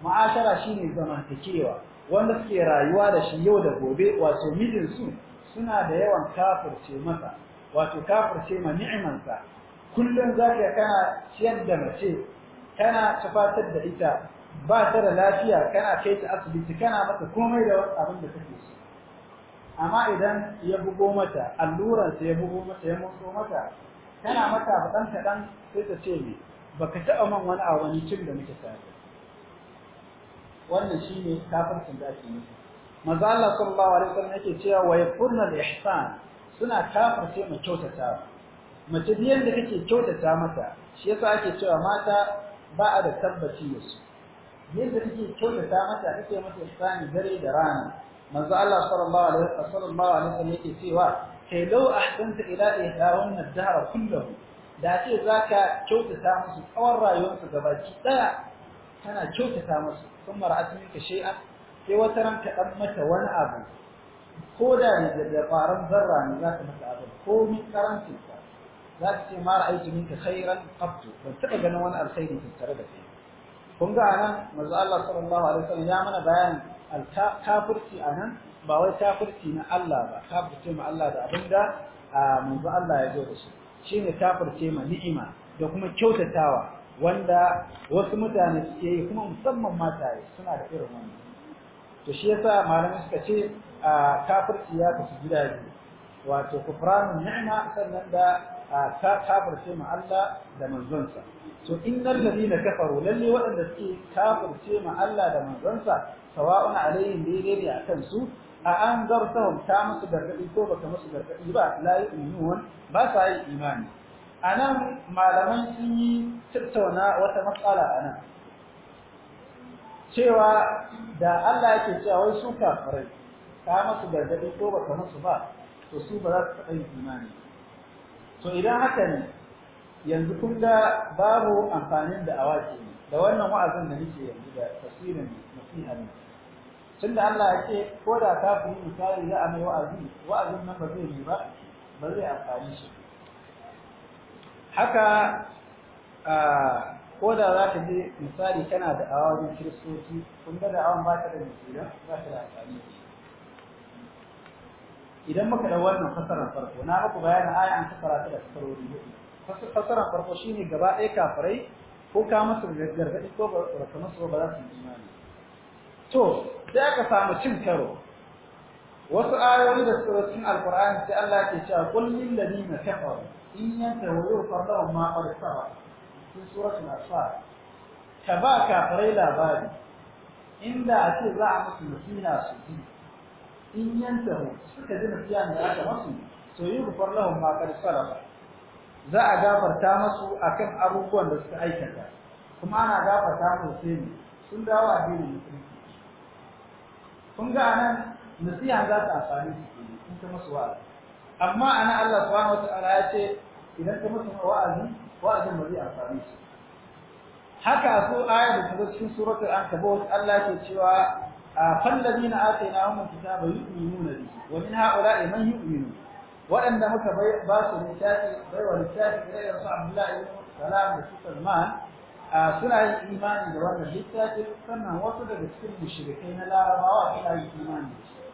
[SPEAKER 1] mu'ashara shine zamantakewa wanda suke rayuwa da shi yau da gobe wato mijinsu suna da yawan kafirce masa wato kafirce ma ni'imansa kullum zaka kana ciyar da mace kana tafatar da ita ba ta da lafiya kana kai ta asibiti kana mata komai da abin da kake so amma idan ya bugo mata alluran ya bugo mata ya motso mata kana mata baɗan kaɗan sai ta ce me baka taɓa man wani awani cin da muke tare wannan shine kafircin da ake nufi manzo Allah sallallahu alaihi wasallam yake cewa waye yakfurna ihsan suna kafirce mu kyautata mace biyan da kake kyautata mata shi yasa ake cewa mata ba a da tabbaci da su yadda kake kyautata mata kake mata ihsani dare da rana manzo Allah sallallahu alaihi wasallam wasallam yake cewa kai law ahsanta ila ihdahun ad-dahr kullahu da ce zaka kyautata musu tsawon rayuwarsu gabaki daya kana kyautata musu kuma ra'atinka shay'an sai wata ran ka dan mata wani abu ko da da faran zarra ne za ta mata abu ko mi karancin ka za ta ce ma ra'aytu minka khairan qattu ban taba ganin wani alkhairi tare da kai kun ga anan manzo Allah sallallahu alaihi wasallam ya mana bayanin kafirci anan ba wai kafirci na Allah ba kafirce ma Allah da abinda manzo Allah ya zo da shi shine kafirce ma ni'ima da kuma kyautatawa wanda wasu mutane suke yi kuma musamman mata suna da irin wannan to shi yasa malamai suka ce a kafirci ya kasu gida biyu wato kufranun ni'ma sannan da kafirce ma Allah da manzonsa to innal ladina kafaru lalle waɗanda suke kafirce ma Allah da manzonsa sawa'un alaihim daidai ne akan su a an zartahum ta musu gargadi ko baka musu gargadi ba la yu'minun ba sa yi imani anan malaman sun yi tattauna wata matsala anan cewa da Allah yake cewa wai su kafirai ka musu gargadi ko baka musu ba to su ba za su taɓa yin imani to idan haka ne yanzu kun ga babu amfanin da awaki ne da wannan wa'azin da nake yanzu da tasirin nasiha ne tunda Allah ya ce ko da kafiri misali za a mai wa'azi wa'azin nan ba zai yi ba ba zai amfani shi haka ah, ko da za ka je misali kana da awa wajen kiristoci kun ga da awan ba ta da misira ba ta da amfani
[SPEAKER 2] idan muka da wannan fasarar farko na muku bayanin
[SPEAKER 1] aya an fasara ta da fasarori hudu fasarar farko shine gaba ɗaya kafirai ko ka musu gargaɗi ko ba ka musu ba za su yi imani to sai aka samu cin karo wasu ayoyi da suka cikin alkur'ani sai Allah ke cewa kullin ladina kafaru in yantahu yufardahu ma qad sawa cikin suratul anfal ka ba kafirai labari inda a ce za a musu nasiha su ji in yanta mu suka ji nasiha da aka masu to yi gufar lahun ma kar ba za a gafarta masu akan abubuwan da suka aikata kuma ana gafarta sosai ne sun dawo a dinin musulunci kun ga anan nasiha za ta amfani su ne kun ta masu wa'azi amma ana Allah subhanahu wa ta'ala ya ce idan ka musu wa'azi wa'adin ba zai amfani su haka su, ayar da ta cikin surat al Allah ke cewa fal ladina atayna hum kitaba yu'minuna bihi wa min ha'ula'i man yu'minu wa anna muka ba su nishati bai wa nishati ila yasu abdullahi salam da sukar ma suna yin imani da wannan littafin sannan wasu daga cikin mushirikai na larabawa suna yin imani da shi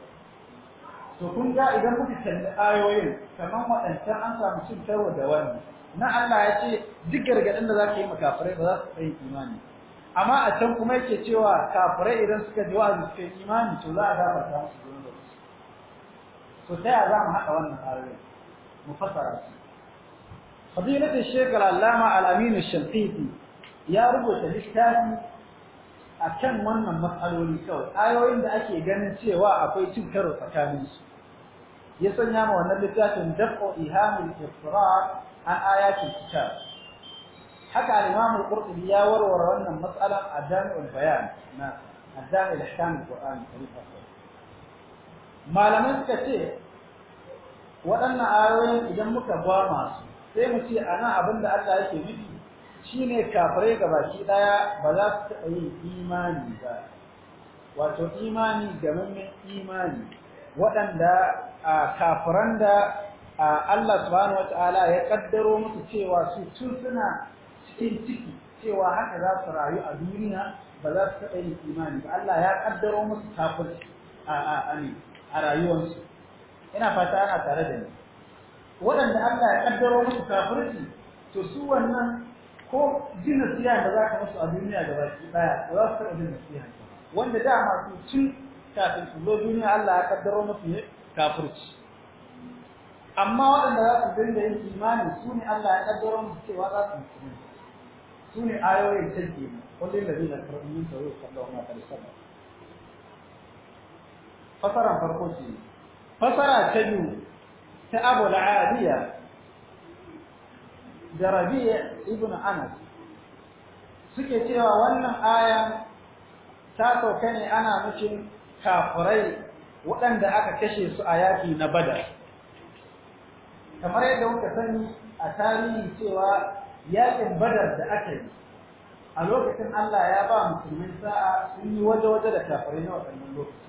[SPEAKER 1] to kun ga idan muka kalli ayoyin kamar waɗancan an samu cin da wani. na Allah ya ce duk gargadin da za ka yi makafirai ba za su kai imani amma a can kuma yake cewa kafirai idan suka ji wa'azi suka yi imani to za a ta musu gurin da su to sai a za mu haɗa wannan ayoyin mu fasara su fadilatul shaykh al-allama al-amin ya rubuta littafi a kan wannan matsaloli kawai ayoyin da ake ganin cewa akwai cin karo tsakaninsu ya sanya ma wannan littafin dafo ihamul ifrat an ayatul kitab haka al-imam al-qurtubi ya warware wannan matsalan a jami'ul bayan na al ihkam al-qur'an malamai suka ce waɗannan ayoyin idan muka ba masu sai mu ce a nan abin da Allah yake nufi shine kafirai baki ɗaya ba za su taɓa yin imani ba wato imani gamammen imani waɗanda a kafiran da Allah subhanahu wata'ala ya kaddaro musu cewa su tun suna cikin ciki cewa haka za su rayu a duniya ba za su taɓa yin imani ba Allah ya kaddaro musu kafin a rayuwarsu ina fata ana tare da ni waɗanda Allah ya kaddaro musu kafirci to su wannan ko jin nasiha da za ka musu a duniya da baki daya ba za su taɓa jin nasiha wanda dama su tun kafin su zo duniya Allah ya kaddaro musu
[SPEAKER 2] kafirci
[SPEAKER 1] amma waɗanda za su dinga yin imani su ne Allah ya ƙaddara musu cewa za su musulmi su ne ayoyin take kullum da zai na karɓi yin sauri na alaihi wasallam fasara farko ce fasara ta biyu ta Abu al da Rabi' ibn Anas suke cewa wannan
[SPEAKER 2] aya
[SPEAKER 1] ta sauka ne ana nufin kafirai waɗanda aka kashe su a yaki na Badar kamar yadda muka sani a tarihi cewa yakin badar da aka yi a lokacin Allah ya ba musulmin sa'a sun yi waje-waje da kafirai na waɗannan lokaci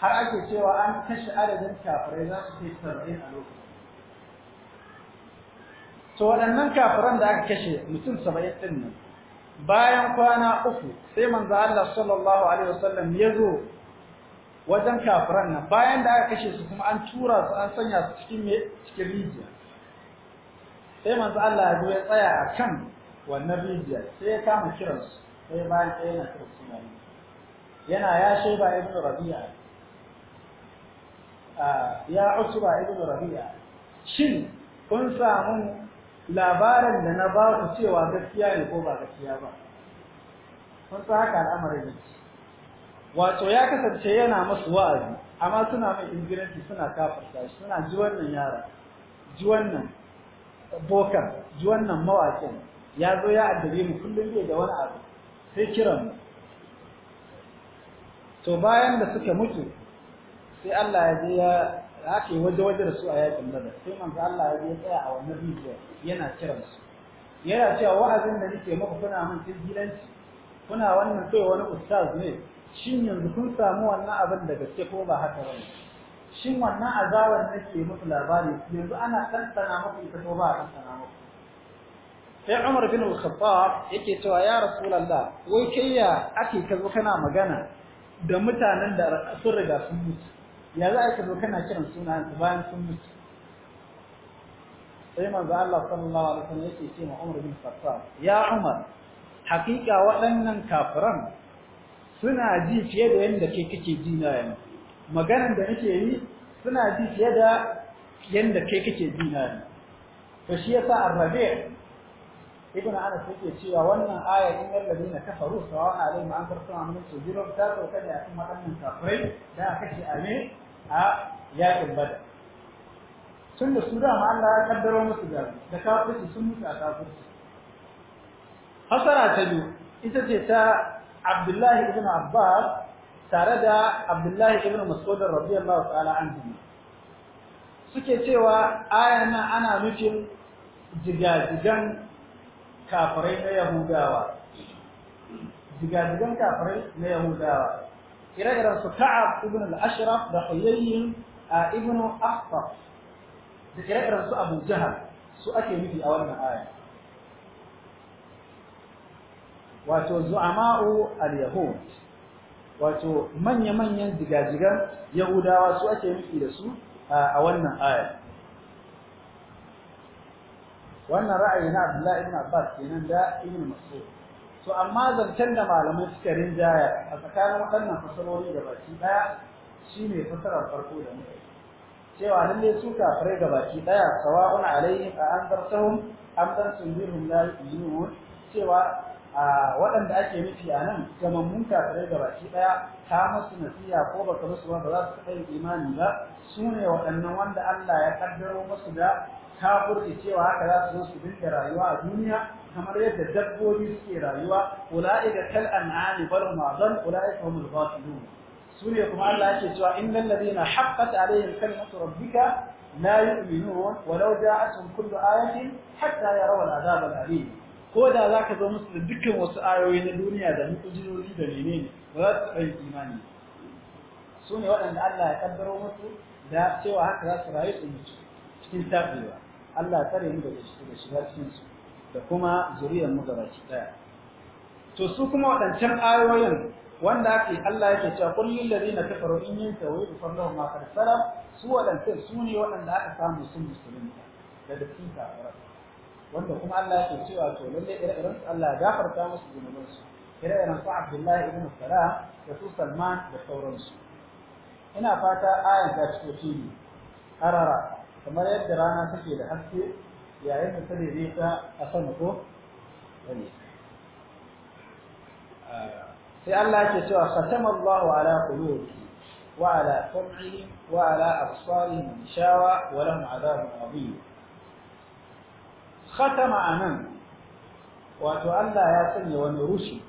[SPEAKER 1] har ake cewa an kashe adadin kafirai za su kai saba'in a lokacin to waɗannan kafiran da aka kashe mutum saba'in ɗin nan bayan kwana uku sai manzo Allah sallallahu alaihi wasallam ya zo wajen kafiran nan bayan da aka kashe su kuma an tura su an sanya su cikin me cikin rijiya sai manzo Allah ya zo ya tsaya a kan wannan rijiya sai ya kama kiransu sai bayan sai yana kiran suna yana ya ba ibn rabi'a ya usba ibn rabi'a shin kun samu labarin da na ba ku cewa gaskiya ne ko ba gaskiya ba kun sa haka al'amarin ne wato ya kasance yana masu wa'azi amma suna mai ingiranci suna kafarta shi suna ji wannan yara ji wannan bokan ji wannan mawakin ya zo ya addabe mu kullum bai da wani abu sai kiran mu to bayan da suka mutu sai Allah ya je ya ake waje waje da su a yakin nada sai manzo Allah ya je ya tsaya a wannan rijiyar yana kira su yana cewa wa'azin da nake muku kuna mun tilgilanci kuna wannan sai wani ustaz ne shin yanzu kun samu wannan abin da gaske ko ba haka ne shin wannan azabar nake muku labari yanzu ana tantana muku ita ko ba a tantana muku sai Umar bin Al-Khattab yake cewa ya Rasulullah wai kai ya ake ka kana magana da mutanen da sun riga sun mutu ya za ka zo kana kiran sunan su bayan sun mutu sai manzo Allah sallallahu alaihi wasallam yake ce ma Umar bin Khattab ya Umar hakika waɗannan kafiran suna ji fiye da yadda ke kake ji na yanzu maganar da nake yi suna ji fiye da yadda kai kake ji na yanzu to shi yasa arrabe ibn anas yake cewa wannan aya in alladina kafaru sawa ma an an min sujudum ta sauka ne akan wadannan kafirai da aka ce ame a yakin badar tun da su dama Allah ya kaddaro musu da da kafirci sun mutu a kafirci hasara ta biyu ita ce ta Abdullahi ibn Abbas tare da Abdullahi ibn Mas'ud radiyallahu ta'ala anhu suke cewa ayan nan ana nufin jigajigan kafirai na Yahudawa jigajigan kafirai na Yahudawa ire-iren su Ka'ab ibn al-Ashraf da Huyayyin ibn Akhtab da ire-iren su Abu su ake nufi a wannan aya wato zu'ama'u al-yahud wato manya-manyan jigajigan yahudawa su ake miki da su a wannan aya wannan ra'ayi na Abdullahi ibn Abbas kenan da Ibn Mas'ud to amma zancen da malamai suka rinjaya a tsakanin waɗannan fasarori da baki daya shine fasarar farko da muke Cewa nan ne su kafirai da baki daya sawa'un alaihim a anzartahum am tanzirhum la yu'minun cewa a waɗanda ake nufi a nan zaman munta kafirai da baki ɗaya ta masu nasiya ko baka musu ba ba za su taɓa yin imani ba su ne waɗannan wanda Allah ya ƙaddaro masu da kafurci cewa haka za su zo su rayuwa a duniya kamar yadda dabbobi suke rayuwa da kal an'ami bal hum adall ula'ika humul ghafilun su ne kuma Allah yake cewa innal ladina haqqat alaihim kalimatu rabbika la yu'minun walau ja'atuhum kullu ayatin hatta yarawal adhab al ko da za ka zo musu da dukkan wasu ayoyi na duniya da mu'ujinoli da ne ba za su tsaye imani su ne waɗanda Allah ya kaddaro musu da cewa haka za su rayu su mutu cikin tabewa Allah tsare mu daga shi da shiga cikin su da kuma zuriyar mu gabaki daya to su kuma waɗancan ayoyin wanda ake Allah yake cewa qul lil ladina kafaru in yantahu yufar lahum ma qad salam su waɗancan su ne waɗanda aka samu sun musulunta da dakin kafirai wanda kuma Allah ke cewa to lalle ire-iren Allah ya gafarta musu zunuban su ire-iren su Abdullahi ibn Salam da su Salman da sauransu ina fata ayan ta cikin fili arara kamar yadda rana take da haske yayin da tare rika a san ko wani ah, sai Allah yake cewa khatamallahu ala qulubi wa ala sam'ihim wa ala absarihim shawa wa lahum adhabun adhim khatama anan wato Allah ya sanya wani rushi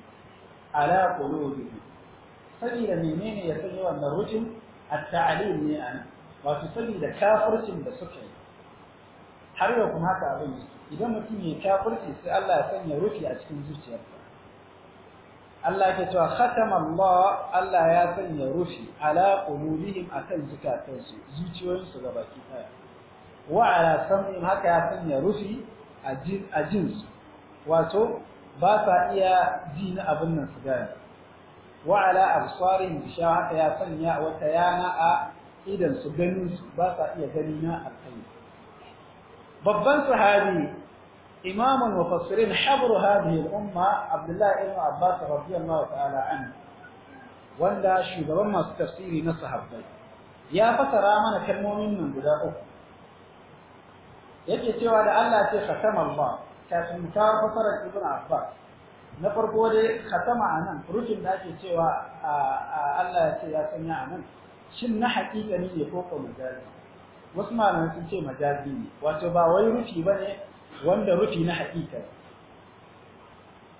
[SPEAKER 1] ala qulubihi sabida menene ya sanya wannan rushin at-ta'lim ne an wato sabida kafircin da suka yi har yau kuma haka abin idan mutum ya kafirci sai Allah ya sanya rufi a cikin zuciyarsa Allah ya cewa khatama Allah Allah ya sanya rufi ala qulubihim akan zukatansu zuciyoyinsu gabaki daya wa ala sam'ihim haka ya sanya rufi a jinsu wato ba sa iya ji na abin nan su gani. wa ala absarin bisha ya sanya wata yana a idan su ganin su ba sa iya gani na alkai babban sahabi imam al-mufassirin habru hadhihi al-umma abdullah ibn abbas radiyallahu ta'ala anhu wanda shugaban masu tafsiri na sahabbai ya fasara mana kalmomin nan guda uku yake cewa da Allah ce khatama Allah kafin ta fasara ibn Abbas na farko dai khatama anan rufin da ake cewa Allah ya ce ya sanya anan shin na hakika ne ko ko majazi wasu malamai sun ce majazi ne wato ba wai rufi bane wanda rufi na hakika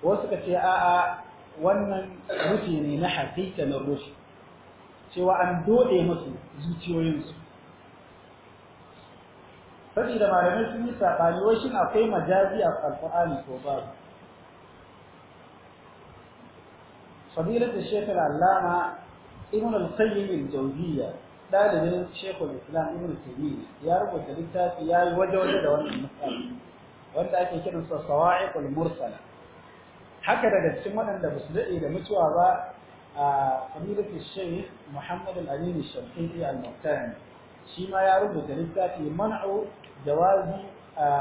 [SPEAKER 1] wasu ka ce a'a wannan rufi ne na hakika na rufi cewa an dode musu zuciyoyinsu saboda malamai sun yi sabani wai shin akwai majazi a alqur'ani ko babu fadilat shaykh al-allama ibn al-qayyim al-jawziyya dalibin shaykh al-islam ibn al-qayyim ya rubuta littafi ya yi waje waje da wannan misali wanda ake kiran sa sawa'iq al-mursala haka daga cikin waɗanda ba su daɗe da mutuwa ba a sabila da shaykh muhammad al-amin al-shafi'i al-muqtani shi ma ya rubuta littafi man'u جواز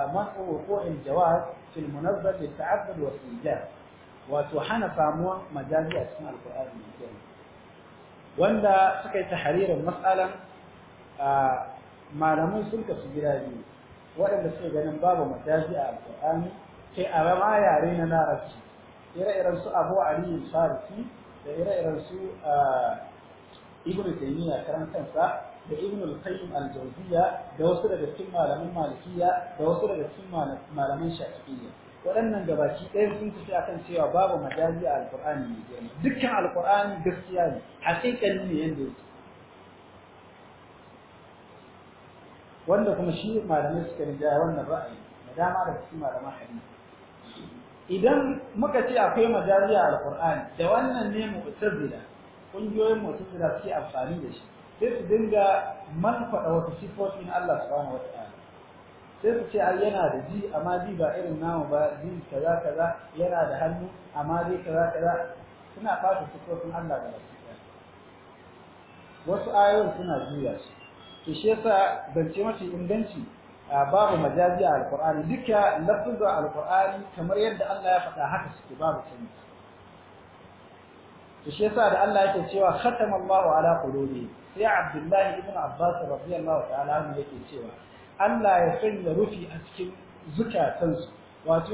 [SPEAKER 1] منع وقوع الجواز في المنظر للتعبد والاستنجاد وتوحنا فاموا مجازي اسماء القرآن الكريم wanda suka yi taharirin matsalan malamin sun kasu gida biyu waɗanda suke ganin babu mataji a alƙur'ani sai a rama yare na larabci ire-iren su abu aliyu farisi da ire-iren su ibn taymiya karan da ibn al-qayyim al-jawziyya da wasu daga cikin malaman malikiya da wasu daga cikin malaman shafi'iyya waɗannan gabaki ɗaya sun tafi akan cewa babu majazi a alqur'ani ne girma dukkan alqur'ani gaskiya ne haƙiƙan ne yanda yake wanda kuma shi malamai suka rinja wannan ra'ayi da dama da cikin malaman hadisi idan muka ce akwai majazi a alqur'ani da wannan ne mu'tazila kungiyoyin mu'tazila suke amfani da shi sai su dinga manfaɗa wata sifofi na Allah subhanahu wata'ala sai su ce ai yana da ji amma ji ba irin namu ba ji kaza kaza yana da hannu amma dai kaza kaza suna fata sifofin Allah da baki wasu ayoyin suna juya su to shi yasa zance mafi inganci babu majazi a alqur'ani duka lafzul alqur'ani kamar yadda Allah ya faɗa haka suke babu canji to shi yasa da Allah yake cewa khatama ala qulubi sai Abdullah ibn Abbas radiyallahu ta'ala anhu yake cewa Allah ya sanya rufi a cikin zukatansu wato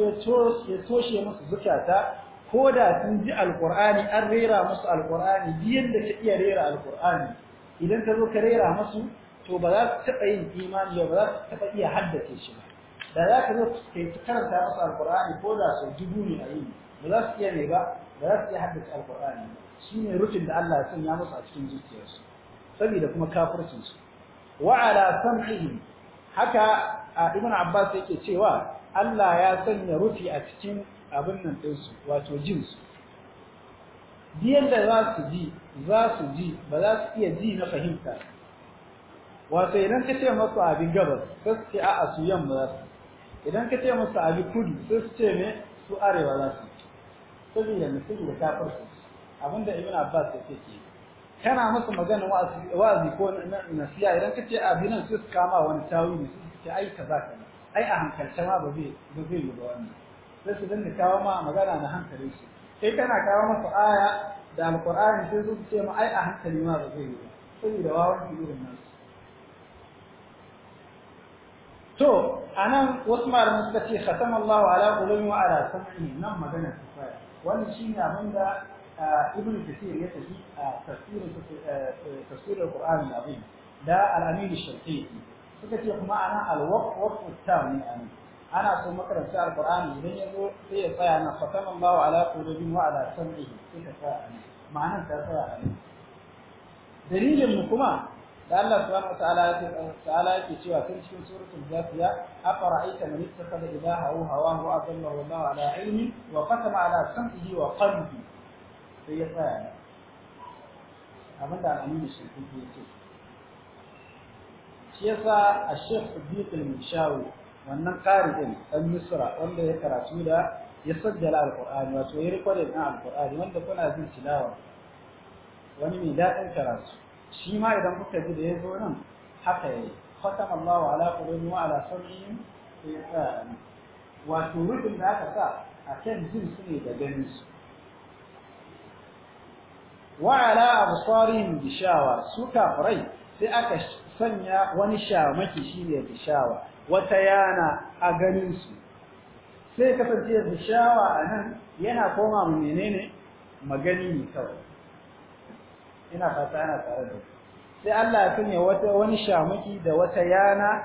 [SPEAKER 1] ya toshe musu zukata ko da sun ji alqur'ani an rera musu alqur'ani biyan da ta iya rera alqur'ani idan ta zo ka rera musu to ba za su taɓa yin imani ba za su taɓa iya haddace shi ba da za ka zo ka karanta musu alqur'ani ko da sau dubu ne a yi ba za su iya ne ba ba za su iya haddace alqur'ani shine rufin da Allah ya sanya musu a cikin zuciyarsu saboda kuma kafircin su wa ala sam'ihim haka ibn abbas yake cewa Allah ya sanya rufi a cikin abin nan ɗinsu su wato jinsu. su da za su ji za su ji ba za su iya ji na fahimta wato idan ka ce masu abin gabas sai su ce a'a su yamma za su idan ka ce masu abin kudu sai su ce ne su arewa za su saboda mutum ya kafirci abinda ibn abbas ya ce kana musu magana wa'azi ko nasiya idan ka ce abin nan sai su kama wani tawi ne ce ai kaza kaza ai a hankalce ma ba zai ba zai yi ba wannan sai su dinga kawo ma magana na hankalin su kai kana kawo masa aya da alqur'ani sai su ce ma ai a hankali ma ba zai yi ba saboda wawan irin nan to anan wasu malaman suka ce khatama Allahu ala qulubi wa ala sam'i nan magana ta fara wannan shi ne abin da ibn kasir ya tafi a tafsirin tafsirin qur'ani da abin da al-amin shafi'i suka ce kuma ana al-waqf waqf tam an ana so makaranta al-qur'ani idan ya zo sai ya tsaya na fatana Allahu ala qulubihim wa ala sam'ihim suka tsaya ma'anar ta tsaya dalilin mu kuma da Allah subhanahu wataala yake ta'ala yake cewa tun cikin suratul jafiya afara'aita man ittakada ilahahu hawahu adallahu Allahu ala ilmi wa qatama ala sam'ihi wa qalbi sai ya tsaya abinda al'amini shi kuke ce shi yasa a Sheikh Sadiq al-Mishawi wannan ƙari ɗin ɗan Misra wanda ya karatu da ya sajjala alƙur'ani wato ya rikodin ɗin alƙur'ani wanda kuna jin tilawa wani mai daɗin karatu shi ma idan kuka ji da ya zo nan haka yi. fatan Allah wa ala qulubihim wa ala sam'ihim wato rufin da aka sa a kan jin su ne da ganin su
[SPEAKER 2] wa ala
[SPEAKER 1] absarihim bishawa su kafirai sai aka sanya wani shamaki ne bishawa wata yana a ganin su sai kasance bishawa nan yana koma mu menene magani ne kawai ina fata ana tare da sai Allah ya sanya wata wani shamuki da wata yana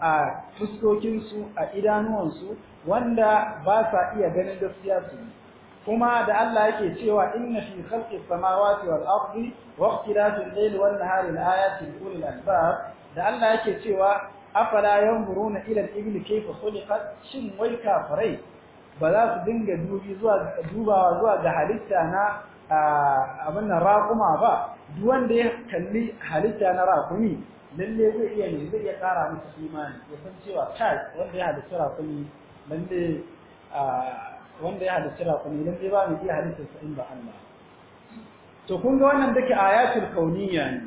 [SPEAKER 1] a fuskokin su a idanuwan su wanda ba sa iya ganin gaskiya su kuma da Allah yake cewa inna fi khalqis samawati wal ardi wa ikhtilafil layli wan nahari la ayatin ulil albab da Allah yake cewa afala yanzuruna ila al-ibli kayfa khuliqat shin wai kafirai ba za su dinga dubi zuwa dubawa zuwa ga halitta na abin nan raƙuma ba duk wanda ya kalli halitta na raƙumi lalle zai iya ne zai iya ƙara musu imani ya san cewa kai wanda ya halitta raƙumi lalle wanda ya halitta raƙumi lalle ba mu iya halitta su in ba Allah to kun ga wannan dake ayatul kauniyya ne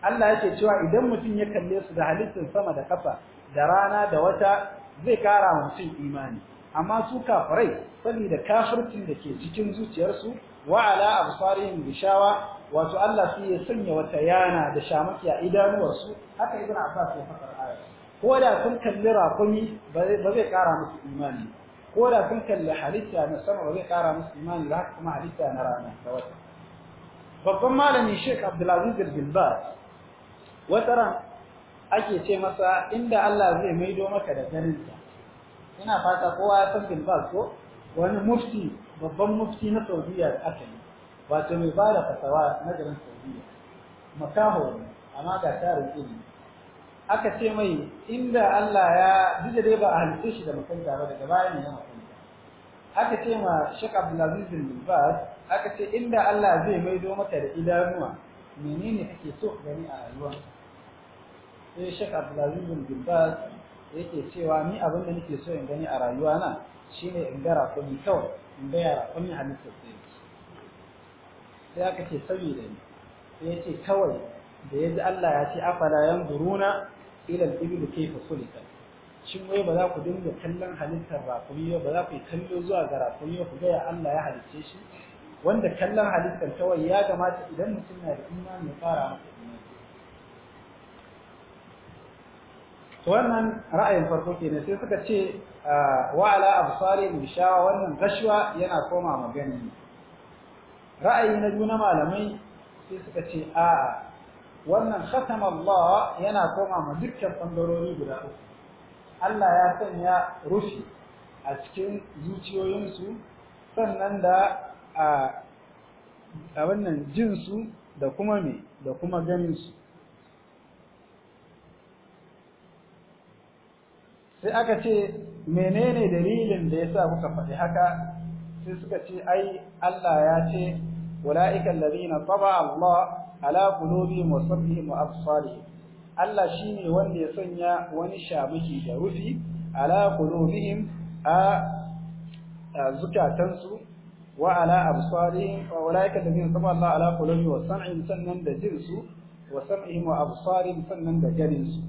[SPEAKER 1] Allah yake cewa idan mutum ya kalle su da halittar sama da ƙasa da rana da wata zai ƙara mutum imani amma su kafirai saboda kafircin da ke cikin zuciyarsu wa ala absarihim bishawa wato Allah sai ya sanya wata yana da shamaki a idanuwarsu haka ibn Abbas ya fassara ayar ko da sun kalli rakumi ba zai kara musu imani ko da sun kalli halitta na sama ba zai kara musu imani ba kuma halitta na rana da wata babban malami Sheikh Abdulaziz bin Baz wataran ake ce masa inda Allah zai maido maka da ganinka ina fata kowa ya san Bilbas ko wani mufti babban mufti na Saudiya da aka yi wato mai ba da fasawa na garin Saudiya makaho amma ga tarin ilimi aka ce mai inda Allah ya dida dai ba a halitta shi da makanta ba daga baya ne ya makanta aka ce ma Sheikh Abdulaziz bin bas aka ce inda Allah zai maido maka da idanuwa menene kake so gani a rayuwa sai Sheikh Abdulaziz bin bas yake cewa ni abin da nake so in gani a rayuwa na shi ne in gara kuni kawai in ga rakumi kuni halittar sai yake sai aka ce da ni sai ya ce kawai da ya ji Allah ya ce afala yanzuruna ila al-ibil kayfa sulika shin wai ba za ku dinga kallon halittar rakumi ba za ku yi kallo zuwa ga rakumi ku gaya Allah ya halicce shi wanda kallon halittar kawai ya gamata idan mutum na da imani ya fara masa wannan ra'ayin farko kenan sai suka ce ah, wa ala bishawa wannan gashwa yana koma magani ra'ayi na juna malamai sai suka ce a wannan khatam Allah yana koma ma dukkan bangarori guda uku Allah ya sanya rufi a cikin zuciyoyinsu sannan da a ah, wannan jinsu da kuma me da kuma ganinsu sai aka ce menene dalilin da yasa kuka faɗi haka sai suka ce ai Allah ya ce ulaika alladhina taba Allah ala qulubihim wa sam'ihim wa absarihim Allah shine wanda ya sanya wani shabiki da rufi ala qulubihim a zukatansu wa ala absarihim wa ulaika alladhina taba Allah ala qulubihim wa sam'ihim sannan da jinsu wa sam'ihim wa absarihim sannan da jarinsu.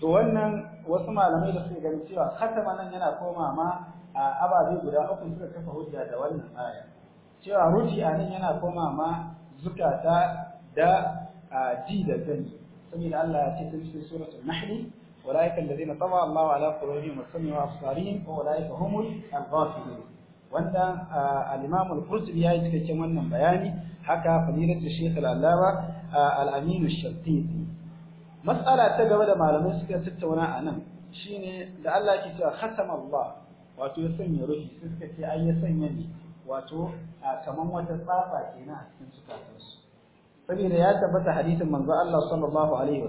[SPEAKER 1] to wannan wasu malamai da suke gani cewa khatama nan yana koma ma a ababe guda uku suka kafa hujja da wannan aya cewa a nan yana koma ma zukata da ji da zani saboda Allah ya ce sun ce suratul nahl ulaika alladhina tawa Allahu ala qulubihim wa sami'u wa absarihim wa ulaika humul ghafilun wanda al-imam al-qurtubi yayi cikakken wannan bayani haka fadilatu shaykh al-allama al aminu al Matsala ta gaba da malamai suka tattauna a nan shine da Allah ke cewa khatama Allah wato ya sanya ruhi sai suka ce ai ya sanya ne wato kaman wata tsafa kenan a cikin sukatansu saboda ya tabbata hadisin manzo Allah sallallahu alaihi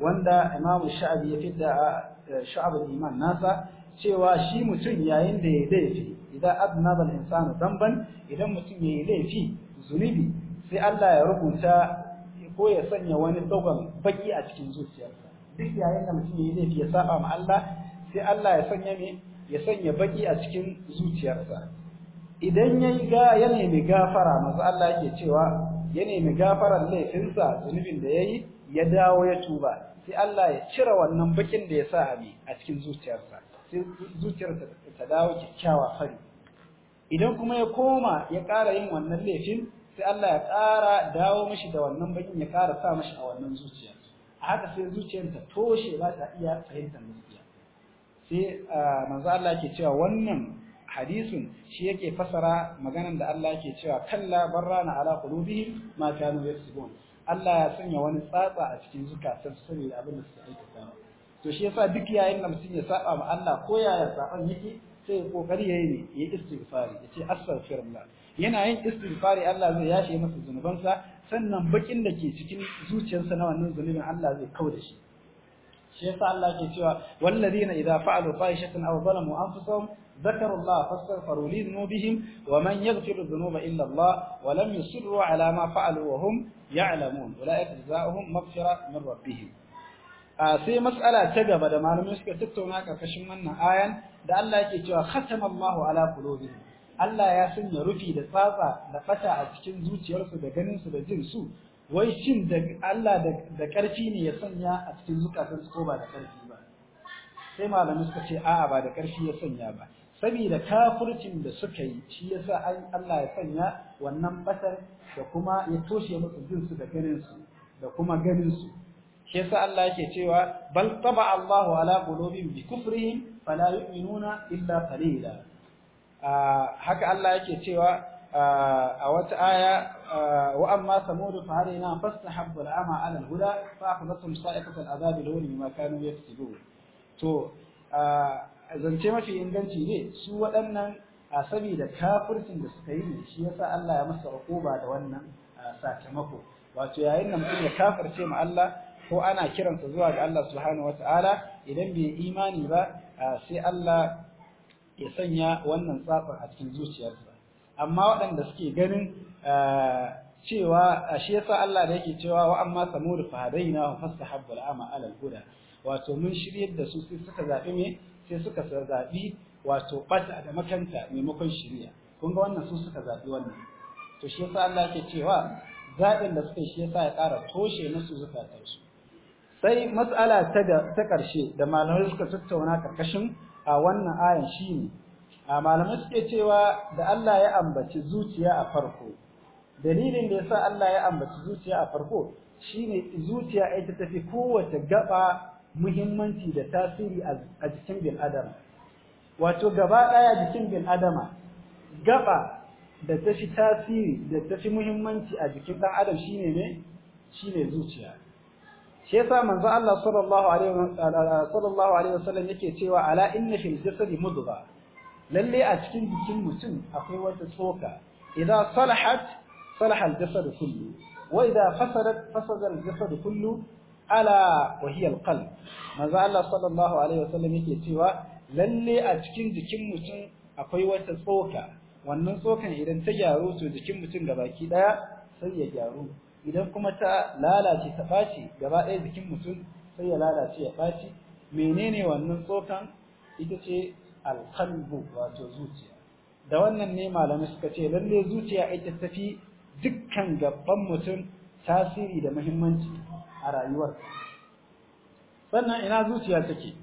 [SPEAKER 1] wanda Imam Sha'abi ya da Sha'abul Iman nasa cewa shi mutum yayin da ya laifi idan adnaba al-insanu damban idan mutum yayi laifi zunubi sai Allah ya rubuta ko ya sanya wani tsogon baki a cikin zuciyarsa duk yayin da mutum yayi laifi ya saba ma Allah sai Allah ya sanya me ya sanya baki a cikin zuciyarsa idan yayi ga ya nemi gafara manzo Allah yake cewa ya nemi gafaran laifinsa zunubin da yayi ya dawo ya tuba sai Allah ya cire wannan bakin da ya sa a cikin zuciyarsa sai zuciyarsa ta dawo kyakkyawa fari idan kuma ya koma ya ƙara yin wannan laifin sai Allah ya ƙara dawo mashi da wannan bakin ya ƙara sa mashi a wannan zuciya a haka sai zuciyar ta toshe ba ta iya fahimtar gaskiya sai manzo Allah ke cewa wannan hadisin shi yake fasara maganar da Allah yake cewa kalla barrana ala qulubihi ma kanu yasbun Allah ya sanya wani tsatsa a cikin zukatan saboda abin da suka aikata to shi yasa duk yayin da mutum ya saba ma Allah ko yaya saban yake sai ya kokari yayi ne ya istighfari ya ce astaghfirullah yana yin istighfari Allah zai yashe masa zunubansa sannan bakin da ke cikin zuciyarsa na wannan zunubin Allah zai kauda shi shi yasa Allah ke cewa wallazina idza fa'alu fahishatan aw zalamu anfusahum ذكروا الله فاستغفروا لذنوبهم ومن يغفر الذنوب إلا الله ولم يصروا على ما فعلوا وهم يعلمون أولئك جزاؤهم مغفرة من ربهم sai mas'ala ta gaba da malamai suka tattauna karkashin wannan ayan da Allah yake cewa khatama Allahu ala qulubihim Allah ya sanya rufi da tsatsa da fata a cikin zuciyarsu da ganinsu da jinsu wai shin da Allah da ƙarfi ne ya sanya a cikin zukatansu ko ba da ƙarfi ba sai malamai suka ce a'a ba da ƙarfi ya sanya ba saboda kafircin da suka yi shi yasa Allah ya sanya wannan fatar da kuma ya toshe musu jinsu da ganinsu da kuma ganinsu shi yasa Allah yake cewa bal taba Allahu ala qulubihim bi kufrihim fala yu'minuna illa qalila Ah, haka Allah yake cewa ah, a wata aya ah, wa amma samud fa hadina fastahabbu al'ama 'ala al-huda fa akhadhatuhum sa'iqatu al-'adhab al-hun kanu yaksubun to zance mafi inganci ne su waɗannan saboda kafircin da suka yi shi yasa Allah ya masa hukuma da wannan sakamako wato yayin da mutum ya kafirce ma Allah ko ana kiransa zuwa ga Allah subhanahu wata'ala idan bai imani ba sai Allah ya sanya wannan tsatsan a cikin zuciyarsa amma waɗanda suke ganin eh, cewa shi yasa Allah da yake cewa wa amma samud fa hadaina fa fastahabbu al'ama 'ala al-huda wato mun shiryar da su sai suka zabi me sai suka zabi wato ɓata da makanta maimakon shiriya kun ga wannan su suka zabi wannan to shi yasa Allah yake cewa zaɓin da suka shi yasa ya ƙara toshe musu zukatansu sai mas'ala ta ta ƙarshe da malamai suka tattauna karkashin a wannan ayan shine a malamai suke cewa da Allah ya ambaci zuciya a farko dalilin da yasa Allah ya ambaci zuciya a farko shine zuciya ita tafi kowace gaba muhimmanci da tasiri a jikin bil adam wato gaba daya jikin bil adama gaba da tafi tasiri da tafi muhimmanci a jikin dan adam shine ne shine zuciya shi yasa manzo Allah sallallahu alaihi sallallahu alaihi wasallam yake cewa ala inna fil jasadi mudgha lalle a cikin jikin mutum akwai wata tsoka idza salahat salaha al jasad kullu wa idza fasadat fasada al jasad kullu ala wa hiya al qalb manzo Allah sallallahu alaihi wasallam yake cewa lalle a cikin jikin mutum akwai wata tsoka wannan tsokan idan ta gyaru to jikin mutum gabaki daya sai ya gyaru idan kuma ta lalace ta baci gaba ɗaya jikin mutum sai ya lalace ya baci menene wannan tsokan ita ce alqalbu wato zuciya da wannan ne malamai suka ce lalle zuciya ita tafi dukkan gaban mutum tasiri da muhimmanci a rayuwar sannan ina zuciya take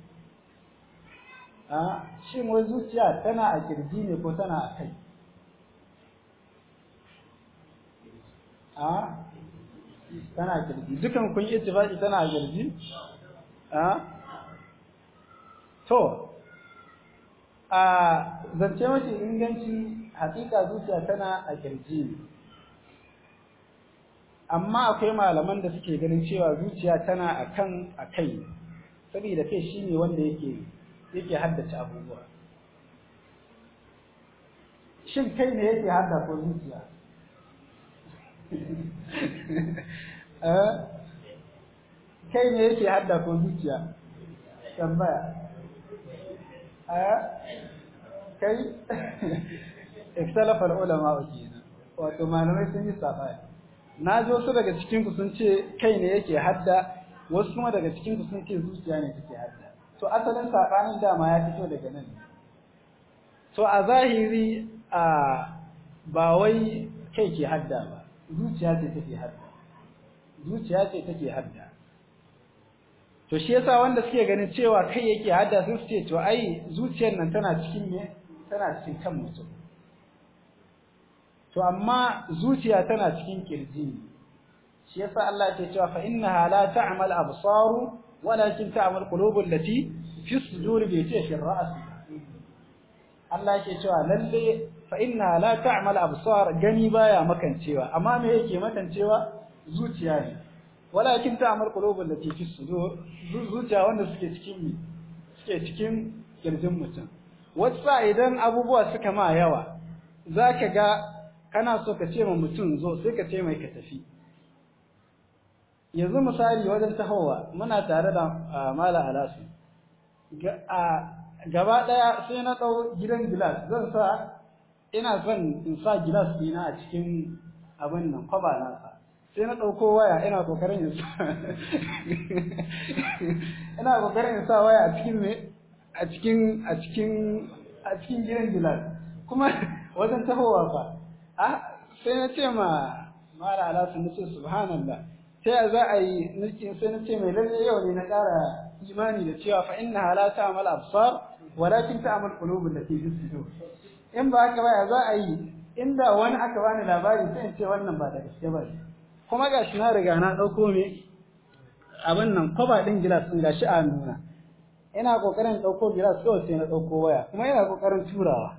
[SPEAKER 1] a shin wai zuciya tana a kirji ne ko tana a kai a tana kirji dukan kun ittifaqi tana kirji a to a zance mace inganci hakika zuciya tana a kirji amma akwai malaman da suke ganin cewa zuciya tana akan akai saboda kai shine wanda yake yake haddace abubuwa shin kai ne yake haddace zuciya Eh? kai ne yake hadda ko zuciya tambaya
[SPEAKER 2] eh? kai
[SPEAKER 1] ikhtalafa ulama kenan wato malamai sun yi sabani na ji wasu daga cikinku sun ce kai ne yake hadda wasu kuma daga cikinku sun ce zuciya ne take hadda to asalin saɓanin dama ya fito daga nan to a zahiri a ba wai kai ke hadda ba zuciya ce take hadda zuciya ce take hadda to shi yasa wanda suke ganin cewa kai yake hadda sun ce to ai zuciyar nan tana cikin me tana cikin kan mutum to amma zuciya tana cikin kirji shi yasa Allah yake cewa fa innaha la ta'mal absaru walakin ta'mal qulubul allati fi sudur bi ta'shir fi ra'si Allah yake cewa lalle fa inna la ta'mal absar gani baya makancewa amma me yake makancewa zuciya ne walakin ta'mal qulubul lati fi sudur zuciya wanda suke cikin mi suke cikin kirjin mutum wasa idan abubuwa suka ma yawa zaka ga kana so ka ce ma mutum zo sai ka ce mai ka tafi yanzu misali wajen tahowa muna tare da mala alasu gaba daya sai na dau gidan gilas zan sa ina son in sa gilas dina a cikin abin nan kwaba nasa sai na ɗauko waya ina ƙoƙarin in sa ina ƙoƙarin in sa waya a cikin me a cikin a cikin a cikin gidan gilas kuma wajen tahowa fa a sai na ce ma mara alasu na ce subhanallah ta yaya za a yi nirkin sai na ce mai lalle yau ne na ƙara imani da cewa fa inna la ta'mal absar walakin ta'mal qulubul lati fi sudur in ba haka ba za a yi inda wani aka bani labari sai in ce wannan ba da gaske ba kuma ga shi na riga na ɗauko me abin nan kwaba ɗin gilas ɗin gashi a nuna ina ƙoƙarin ɗauko gilas kawai sai na ɗauko waya kuma ina ƙoƙarin turawa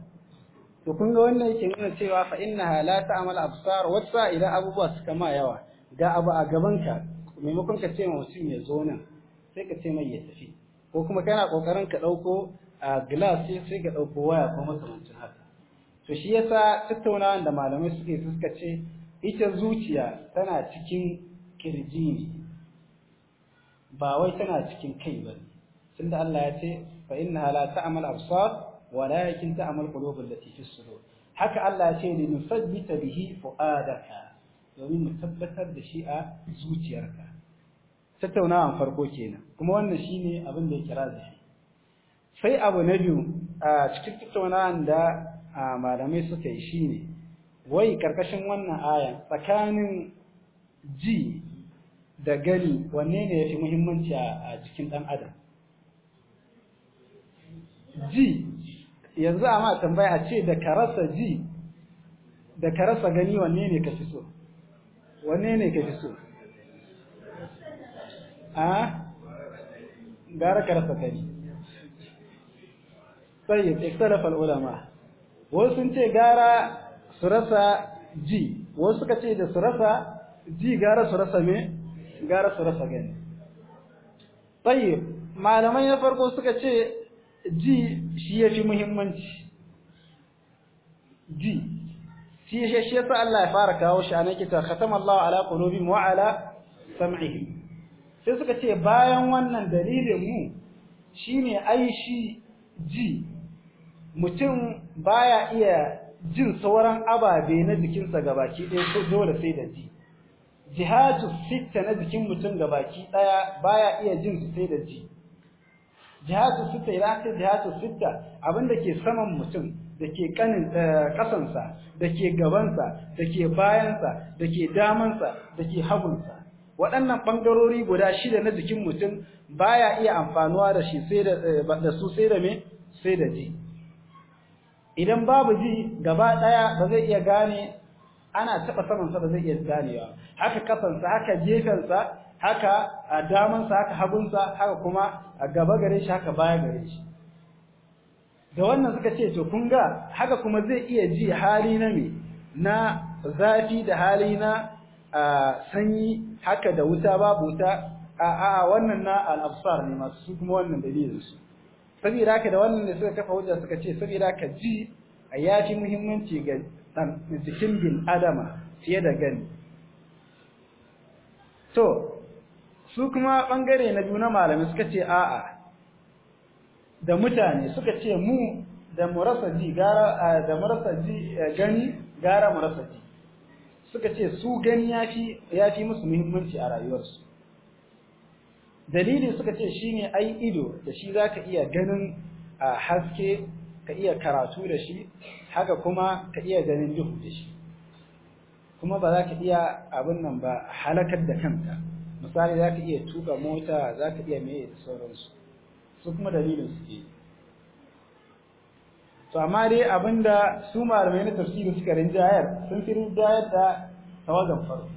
[SPEAKER 1] to kun ga wannan yake nuna cewa fa inna la ta'mal absar wasa idan abubuwa suka ma yawa ga abu a gabanka maimakon ka ce ma mutum ya zo nan sai ka ce mai ya tafi ko kuma kana kokarin ka dauko a gilas sai ka ɗauko waya ko makamancin haka to shi yasa tattaunawan da malamai suke suka ce ita zuciya tana cikin kirji ne ba wai tana cikin kai ba tunda Allah ya ce fa innaha la ta'mal absar walakin ta'mal qulub allati fi sudur haka Allah ya ce li nusabbita bihi fuadaka domin mu tabbatar da shi a zuciyarka tattaunawan farko kenan kuma wannan shine abin da ya kira da shi sai abu na biyu a cikin tattaunawan da malamai suka yi shi ne. wai karkashin wannan aya tsakanin ji da gani wanne ne yafi muhimmanci a cikin ɗan adam ji yanzu amma tambaya a ce da ka rasa ji da ka rasa gani wanne ne ka fi so wanne ne ka fi so a gara ka rasa gani sai ya tsara ulama wasu sun ce gara su rasa ji wasu suka ce da su rasa ji gara su rasa me gara su rasa gani tsaye malamai na farko suka ce ji shi ya fi muhimmanci ji shi shi shi yasa Allah ya fara kawo shi a na kita khatam Allah ala qulubihim mu ala sam'ihim sai suka ce bayan wannan dalilin mu shine ai shi ji mutum baya iya jin sauran ababe na jikinsa gabaki ɗaya ko dole sai da ji jihatu sitta na jikin mutum gabaki ɗaya baya iya jin su sai da ji jihatu sitta idan aka jihatu sitta da ke saman mutum da ke kanin kasansa eh, da ke gabansa da ke bayansa da ke damansa da ke hagunsa waɗannan ɓangarori guda shida na jikin mutum baya iya amfanuwa da shi eh, da su sai da me sai da ji idan babu ji gaba daya ba zai iya gane ana taba saman sa ba zai iya ganewa haka kafansa haka gefensa haka a damansa haka hagunsa haka kuma a gaba gare shi haka baya gare shi da wannan suka ce to kun ga haka kuma zai iya ji hali na me na zafi da hali na sanyi haka da wuta babu wuta a a wannan na al-absar ne masu kuma wannan dalilin su saboda haka da wannan ne suka kafa hujja suka ce saboda ka ji a yafi muhimmanci ga dan jikin bin adama fiye da gani to su kuma bangare na juna na malami suka ce a'a da mutane suka ce mu da mu ji gara da murasa ji gani gara mu ji suka ce su gani yafi yafi musu muhimmanci a rayuwarsu dalili suka ce shine ai ido da shi zaka iya ganin a haske ka iya karatu da shi haka kuma ka iya ganin duhu da shi kuma ba za ka iya abin nan ba halakar da kanka misali za ka iya tuka mota za ka iya meye da sauransu su kuma dalilin su ke to amma dai abinda su malamai na tafsiri suka rinjayar sun fi rinjayar da tawagan farko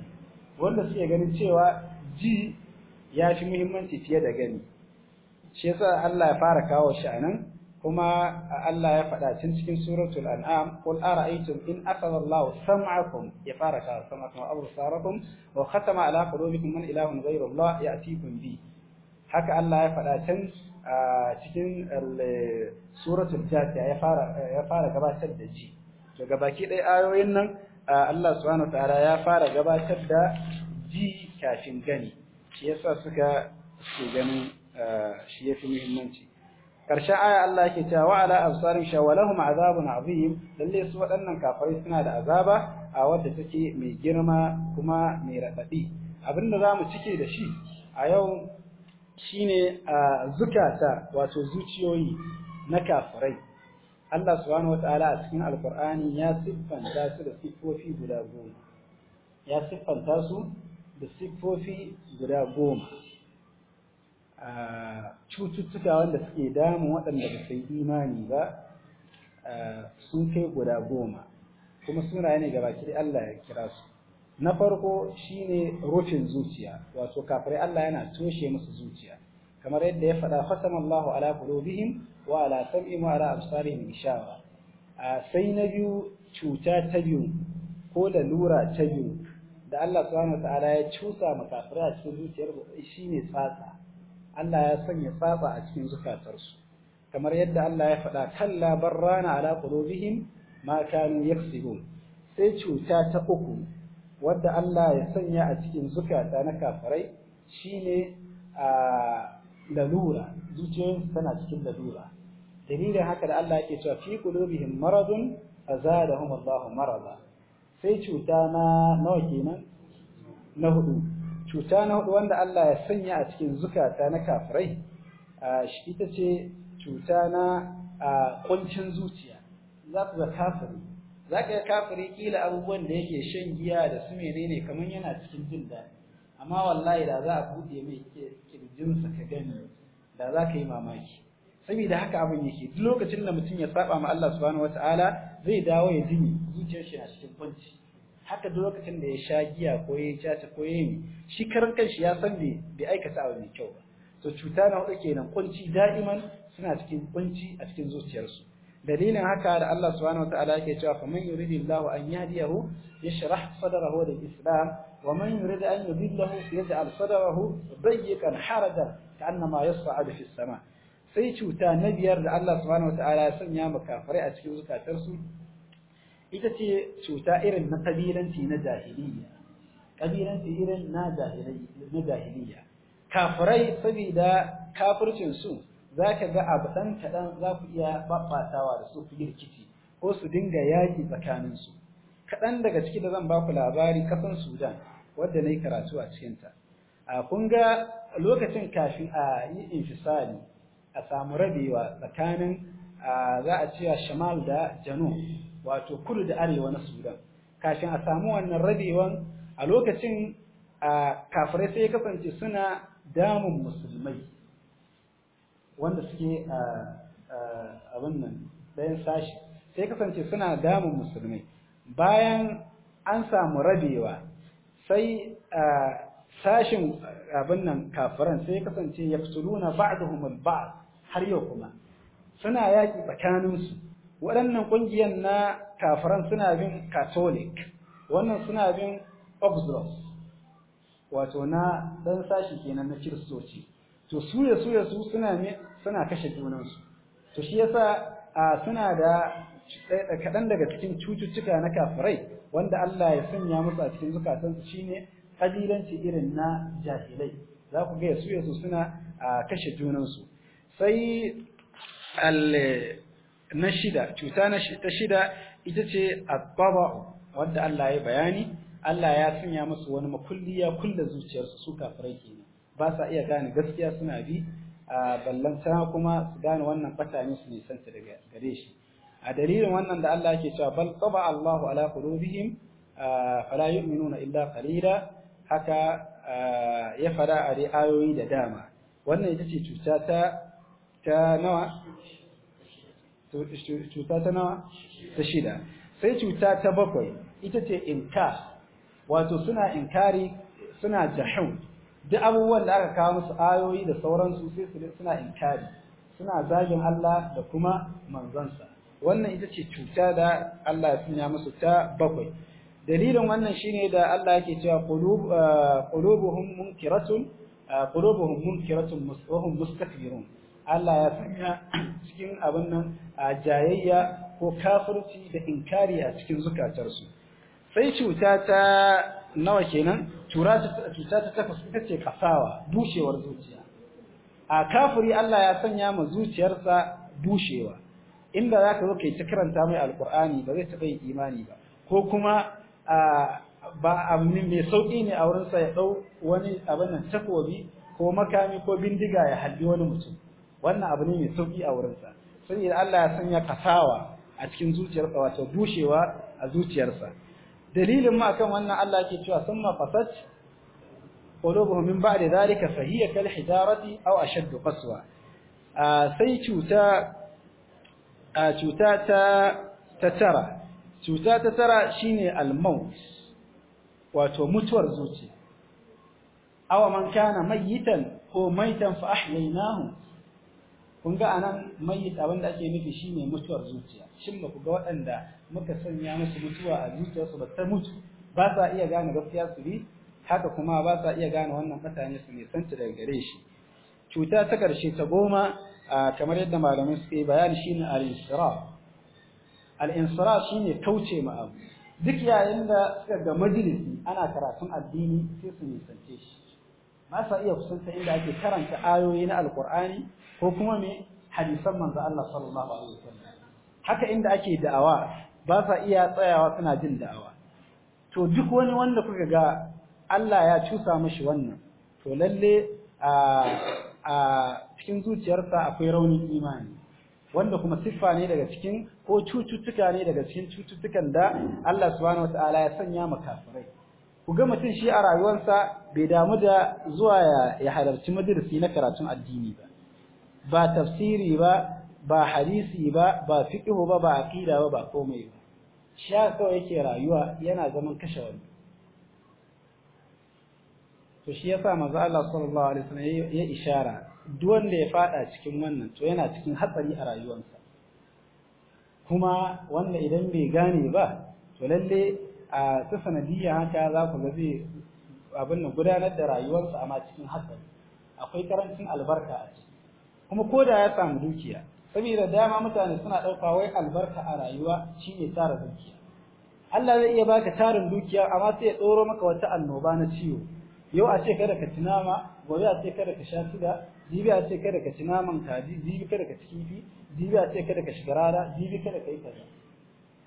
[SPEAKER 1] wanda suke ganin cewa ji ya fi muhimmanci fiye da gani shi yasa Allah ya fara kawo shi anan kuma Allah ya faɗa cin cikin suratul an'am qul ara'aytum in akhadha Allahu sam'akum ya fara kawo sam'akum wa absarakum wa khatama ala qulubikum man ilahun ghayru Allah ya'tikum bi haka Allah ya faɗa can cikin suratul jathiya ya fara ya fara gabatar da ji to gabaki ɗaya ayoyin nan Allah subhanahu wa ta'ala ya fara gabatar da ji kafin gani shi yasa suka suke ganin eh, shi yafi muhimmanci karshen aya Allah yake cewa wa ala absarim shawalahum azabun azim lalle su waɗannan kafirai suna da azaba a wadda take mai girma kuma mai radadi abinda zamu cike da shi a yau shine eh, zukata wato zuciyoyi na kafirai Allah subhanahu wataala a cikin alqur'ani ya siffanta su da siffofi guda goma ya siffanta su da siffofi guda goma cututtuka wanda suke damu waɗanda ba su yi imani ba sun kai guda goma kuma sunaye ne ga baki Allah ya kira su na farko shine rufin zuciya wato kafare Allah yana toshe musu zuciya kamar yadda ya faɗa fasamallahu ala qulubihim wa ala sam'ihim wa ala absarihim shawa sai na biyu cuta ta biyu ko lalura ta biyu da Allah subhanahu wataala ya cusa makafirai a cikin zuciyar shi ne tsatsa Allah ya sanya tsatsa a cikin zukatarsu kamar yadda Allah ya faɗa kalla barrana ala qulubihim ma kanu yaksibun sai cuta ta uku wadda Allah ya sanya a cikin zukata na kafirai shine a lalura zuciyarsu tana cikin lalura dalilin haka da Allah yake cewa fi qulubihim maradun fazadahum Allahu marada sai cuta na nawa kenan na hudu cuta na hudu wanda Allah ya sanya a cikin zukata na kafirai shi ita ce cuta na kuncin zuciya za ku ga kafiri za ka ga kafiri kila abubuwan da yake shan giya da su menene kamar yana cikin jin daɗi amma wallahi da za a buɗe mai kirjinsa ka gani da za ka yi mamaki saboda haka abin yake duk lokacin da mutum ya saba ma Allah subhanahu wataala zai dawo ya dini zuciyar shi a cikin kwanci. haka duk lokacin da ya sha giya ko ya caca ko ya yi shi karan kanshi ya san bai aikata abu mai kyau ba to cuta na huɗu kenan kunci da'iman suna cikin kwanci a cikin zuciyarsu dalilin haka da Allah subhanahu wataala yake cewa fa man yuridillahu an yahdiyahu yashrah sadrahu lil islam wa man yurid an yudillahu yaj'al sadrahu dayyqan harajan ka'annama yas'adu fis sama' sai cuta na biyar da Allah subhanahu wataala ya sanya makafirai a cikin zukatarsu ita ce cuta irin na kabilanci na jahiliya kabilanci irin na jahiliya kafirai saboda kafircin su zaka ga abu ɗan kadan za ku iya babbatawa da su ku rikici ko su dinga yaki tsakanin su kadan daga ciki da zan ba ku labari kasan Sudan wanda nayi karatu a cikinta. A kun ga lokacin kafin a yi infisali a samu rabewa tsakanin za a cewa shamal da janu wato kudu da arewa na sudan Kashin a samu wannan rabewan a lokacin kafirai sai ya kasance suna damun musulmai wanda suke a wannan ɗayan sashi sai kasance suna damun musulmai bayan an samu rabewa sai sashin abin nan kafiran sai kasance ya fitiluna ba'dahum al-ba'd har yau kuma suna yaƙi tsakaninsu waɗannan ƙungiyar na kafiran suna bin catholic wannan suna bin oxlos wato na ɗan sashi kenan na kiristoci to suya suya su suna suna kashe junansu to shi yasa a suna da kaɗan daga cikin cututtuka na kafirai wanda Allah ya sanya musu a cikin zukatansu shine kabilanci irin na jahilai za ku ga ya su suna kashe junansu sai na shida cuta na shida ita ce at wanda Allah ya bayani Allah ya sanya musu wani makulli ya kulle zuciyarsu su kafirai kenan ba sa iya gane gaskiya suna bi a ballantana kuma su gane wannan fata ne su ne nisanta daga gare shi a dalilin wannan da Allah yake cewa bal taba Allahu ala qulubihim fala yu'minuna illa qalila haka ya fara a ayoyi da dama wannan ita ce cuta ta ta cuta ta nawa ta shida sai cuta ta bakwai ita ce inkar wato suna inkari suna jahun duk abubuwan da aka kawo musu ayoyi da sauransu sai su suna inkari suna zagin Allah da kuma manzansa wannan ita ce cuta da Allah ya sunya musu ta bakwai dalilin wannan shine da Allah yake cewa eh, qulubuhum munkiratun eh, qulubuhum munkiratun wa mustakbirun Allah ya sanya cikin abin nan a jayayya ko kafirci da inkari a cikin zukatarsu sai cuta ta nawa kenan cuta ta takwas ita ce kasawa bushewar zuciya a kafiri Allah ya sanya ma zuciyarsa bushewa. inda za ka zo ka ta karanta mai alkur'ani ba zai taɓa yin imani ba ko kuma ba a mai sauƙi ne a wurinsa ya ɗau wani abin nan takobi ko makami ko bindiga ya halli wani mutum wannan abu ne mai sauki a wurinsa sai da Allah ya sanya kasawa a cikin zuciyarsa wato bushewa a zuciyarsa dalilin ma akan wannan Allah ke cewa summa fasat qulubuhum min da zarika sahiya kal hijarati aw ashaddu qaswa sai cuta cuta ta tara cuta ta tara shine al wato mutuwar zuciya aw man kana mayitan ko maitan fa ahyaynahu kun ga anan mayyit abin da ake nufi shine mutuwar zuciya shin ba ku ga waɗanda muka sanya musu mutuwa a zuciyarsu ba ta mutu ba sa iya gane gaskiya su bi haka kuma ba sa iya gane wannan mutane su ne santa daga gare shi cuta ta karshe ta goma kamar yadda malamai suka yi bayani shine al-insira al-insira shine kauce ma abu duk yayin da suka ga majalisi ana karatun addini sai su nisance shi ba sa iya kusanta inda ake karanta ayoyi na alkur'ani ko kuma me hadisan manzo Allah sallallahu alaihi wasallam haka inda ake da'awa ba sa iya tsayawa suna jin da'awa to duk wani wanda kuka ga Allah ya cusa mishi wannan to lalle a cikin zuciyarsa akwai raunin imani wanda kuma siffa ne daga cikin ko cututtuka ne daga cikin cututtukan da Allah subhanahu wataala ya sanya ma kafirai ku ga mutum shi a rayuwarsa bai damu da zuwa ya halarci madarasi na karatun addini ba ba tafsiri ba ba hadisi ba ba fiqhu ba ba aqida ba ba komai ba sha kawai yake rayuwa yana zaman kashe wani to shi yasa manzo Allah sallallahu alaihi wasallam ya ishara duk wanda ya fada cikin wannan to yana cikin hatsari a rayuwarsa kuma wanda idan bai gane ba to lalle a ta sanadiyya haka za ku ga zai abin nan gudanar da rayuwarsa amma cikin hatsari akwai karancin albarka a ciki kuma koda ya samu dukiya saboda dama mutane suna ɗauka wai albarka a rayuwa shine tara dukiya Allah zai iya baka tarin dukiya amma sai ya ɗoro maka wata annoba na ciwo yau a ce kada ka ci nama gobe a ce kada ka sha suga jibi a ce kada ka ci naman kaji jibi kada ka ciki fi jibi a ce kada ka shiga rara jibi kada ka yi kaza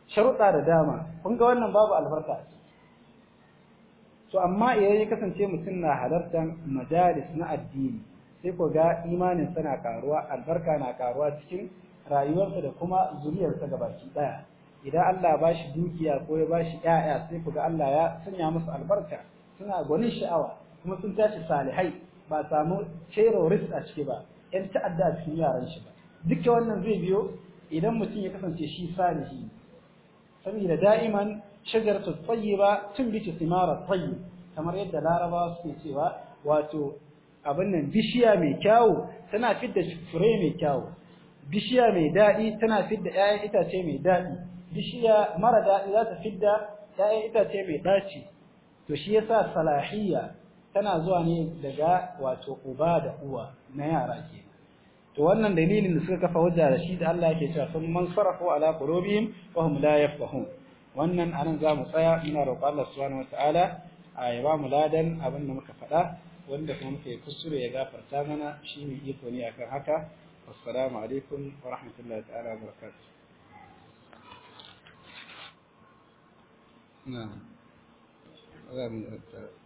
[SPEAKER 1] sharuɗa da dama kun ga wannan babu albarka to amma idan ya kasance mutum na halartar majalis na addini sai ku ga imanin na karuwa albarka na karuwa cikin rayuwarsa da kuma zuriyarsa gabaki daya idan Allah ba shi dukiya ko ya ba shi ƴaƴa sai ku ga Allah ya sanya musu albarka suna gwanin sha'awa kuma sun tashi salihai ba samu cero risk a ciki ba 'yan ta'adda a cikin yaran shi ba duka wannan zai biyo idan mutum ya kasance shi salihi saboda da'iman ta ba tun tunbitu thimara tayyib kamar yadda larabawa suke cewa wato abin nan bishiya mai kyawu tana fidda fure mai kyawu bishiya mai daɗi tana fidda ƴaƴan itace mai daɗi bishiya mara daɗi za ta fidda ƴaƴan itace mai ɗaci to shi yasa salahiyya tana zuwa ne daga wato uba da uwa na yara ke to wannan dalilin da suka kafa hujja da shi da Allah yake cewa sun man ala qulubihim wa hum la yafqahun wannan anan za mu tsaya ina roƙon Allah subhanahu wataala a ya muladan mu ladan abin da muka faɗa wanda kuma muka yi kuskure ya gafarta mana shi ne iko ne akan haka assalamu alaikum wa rahmatullahi ta'ala wa barakatuh na'am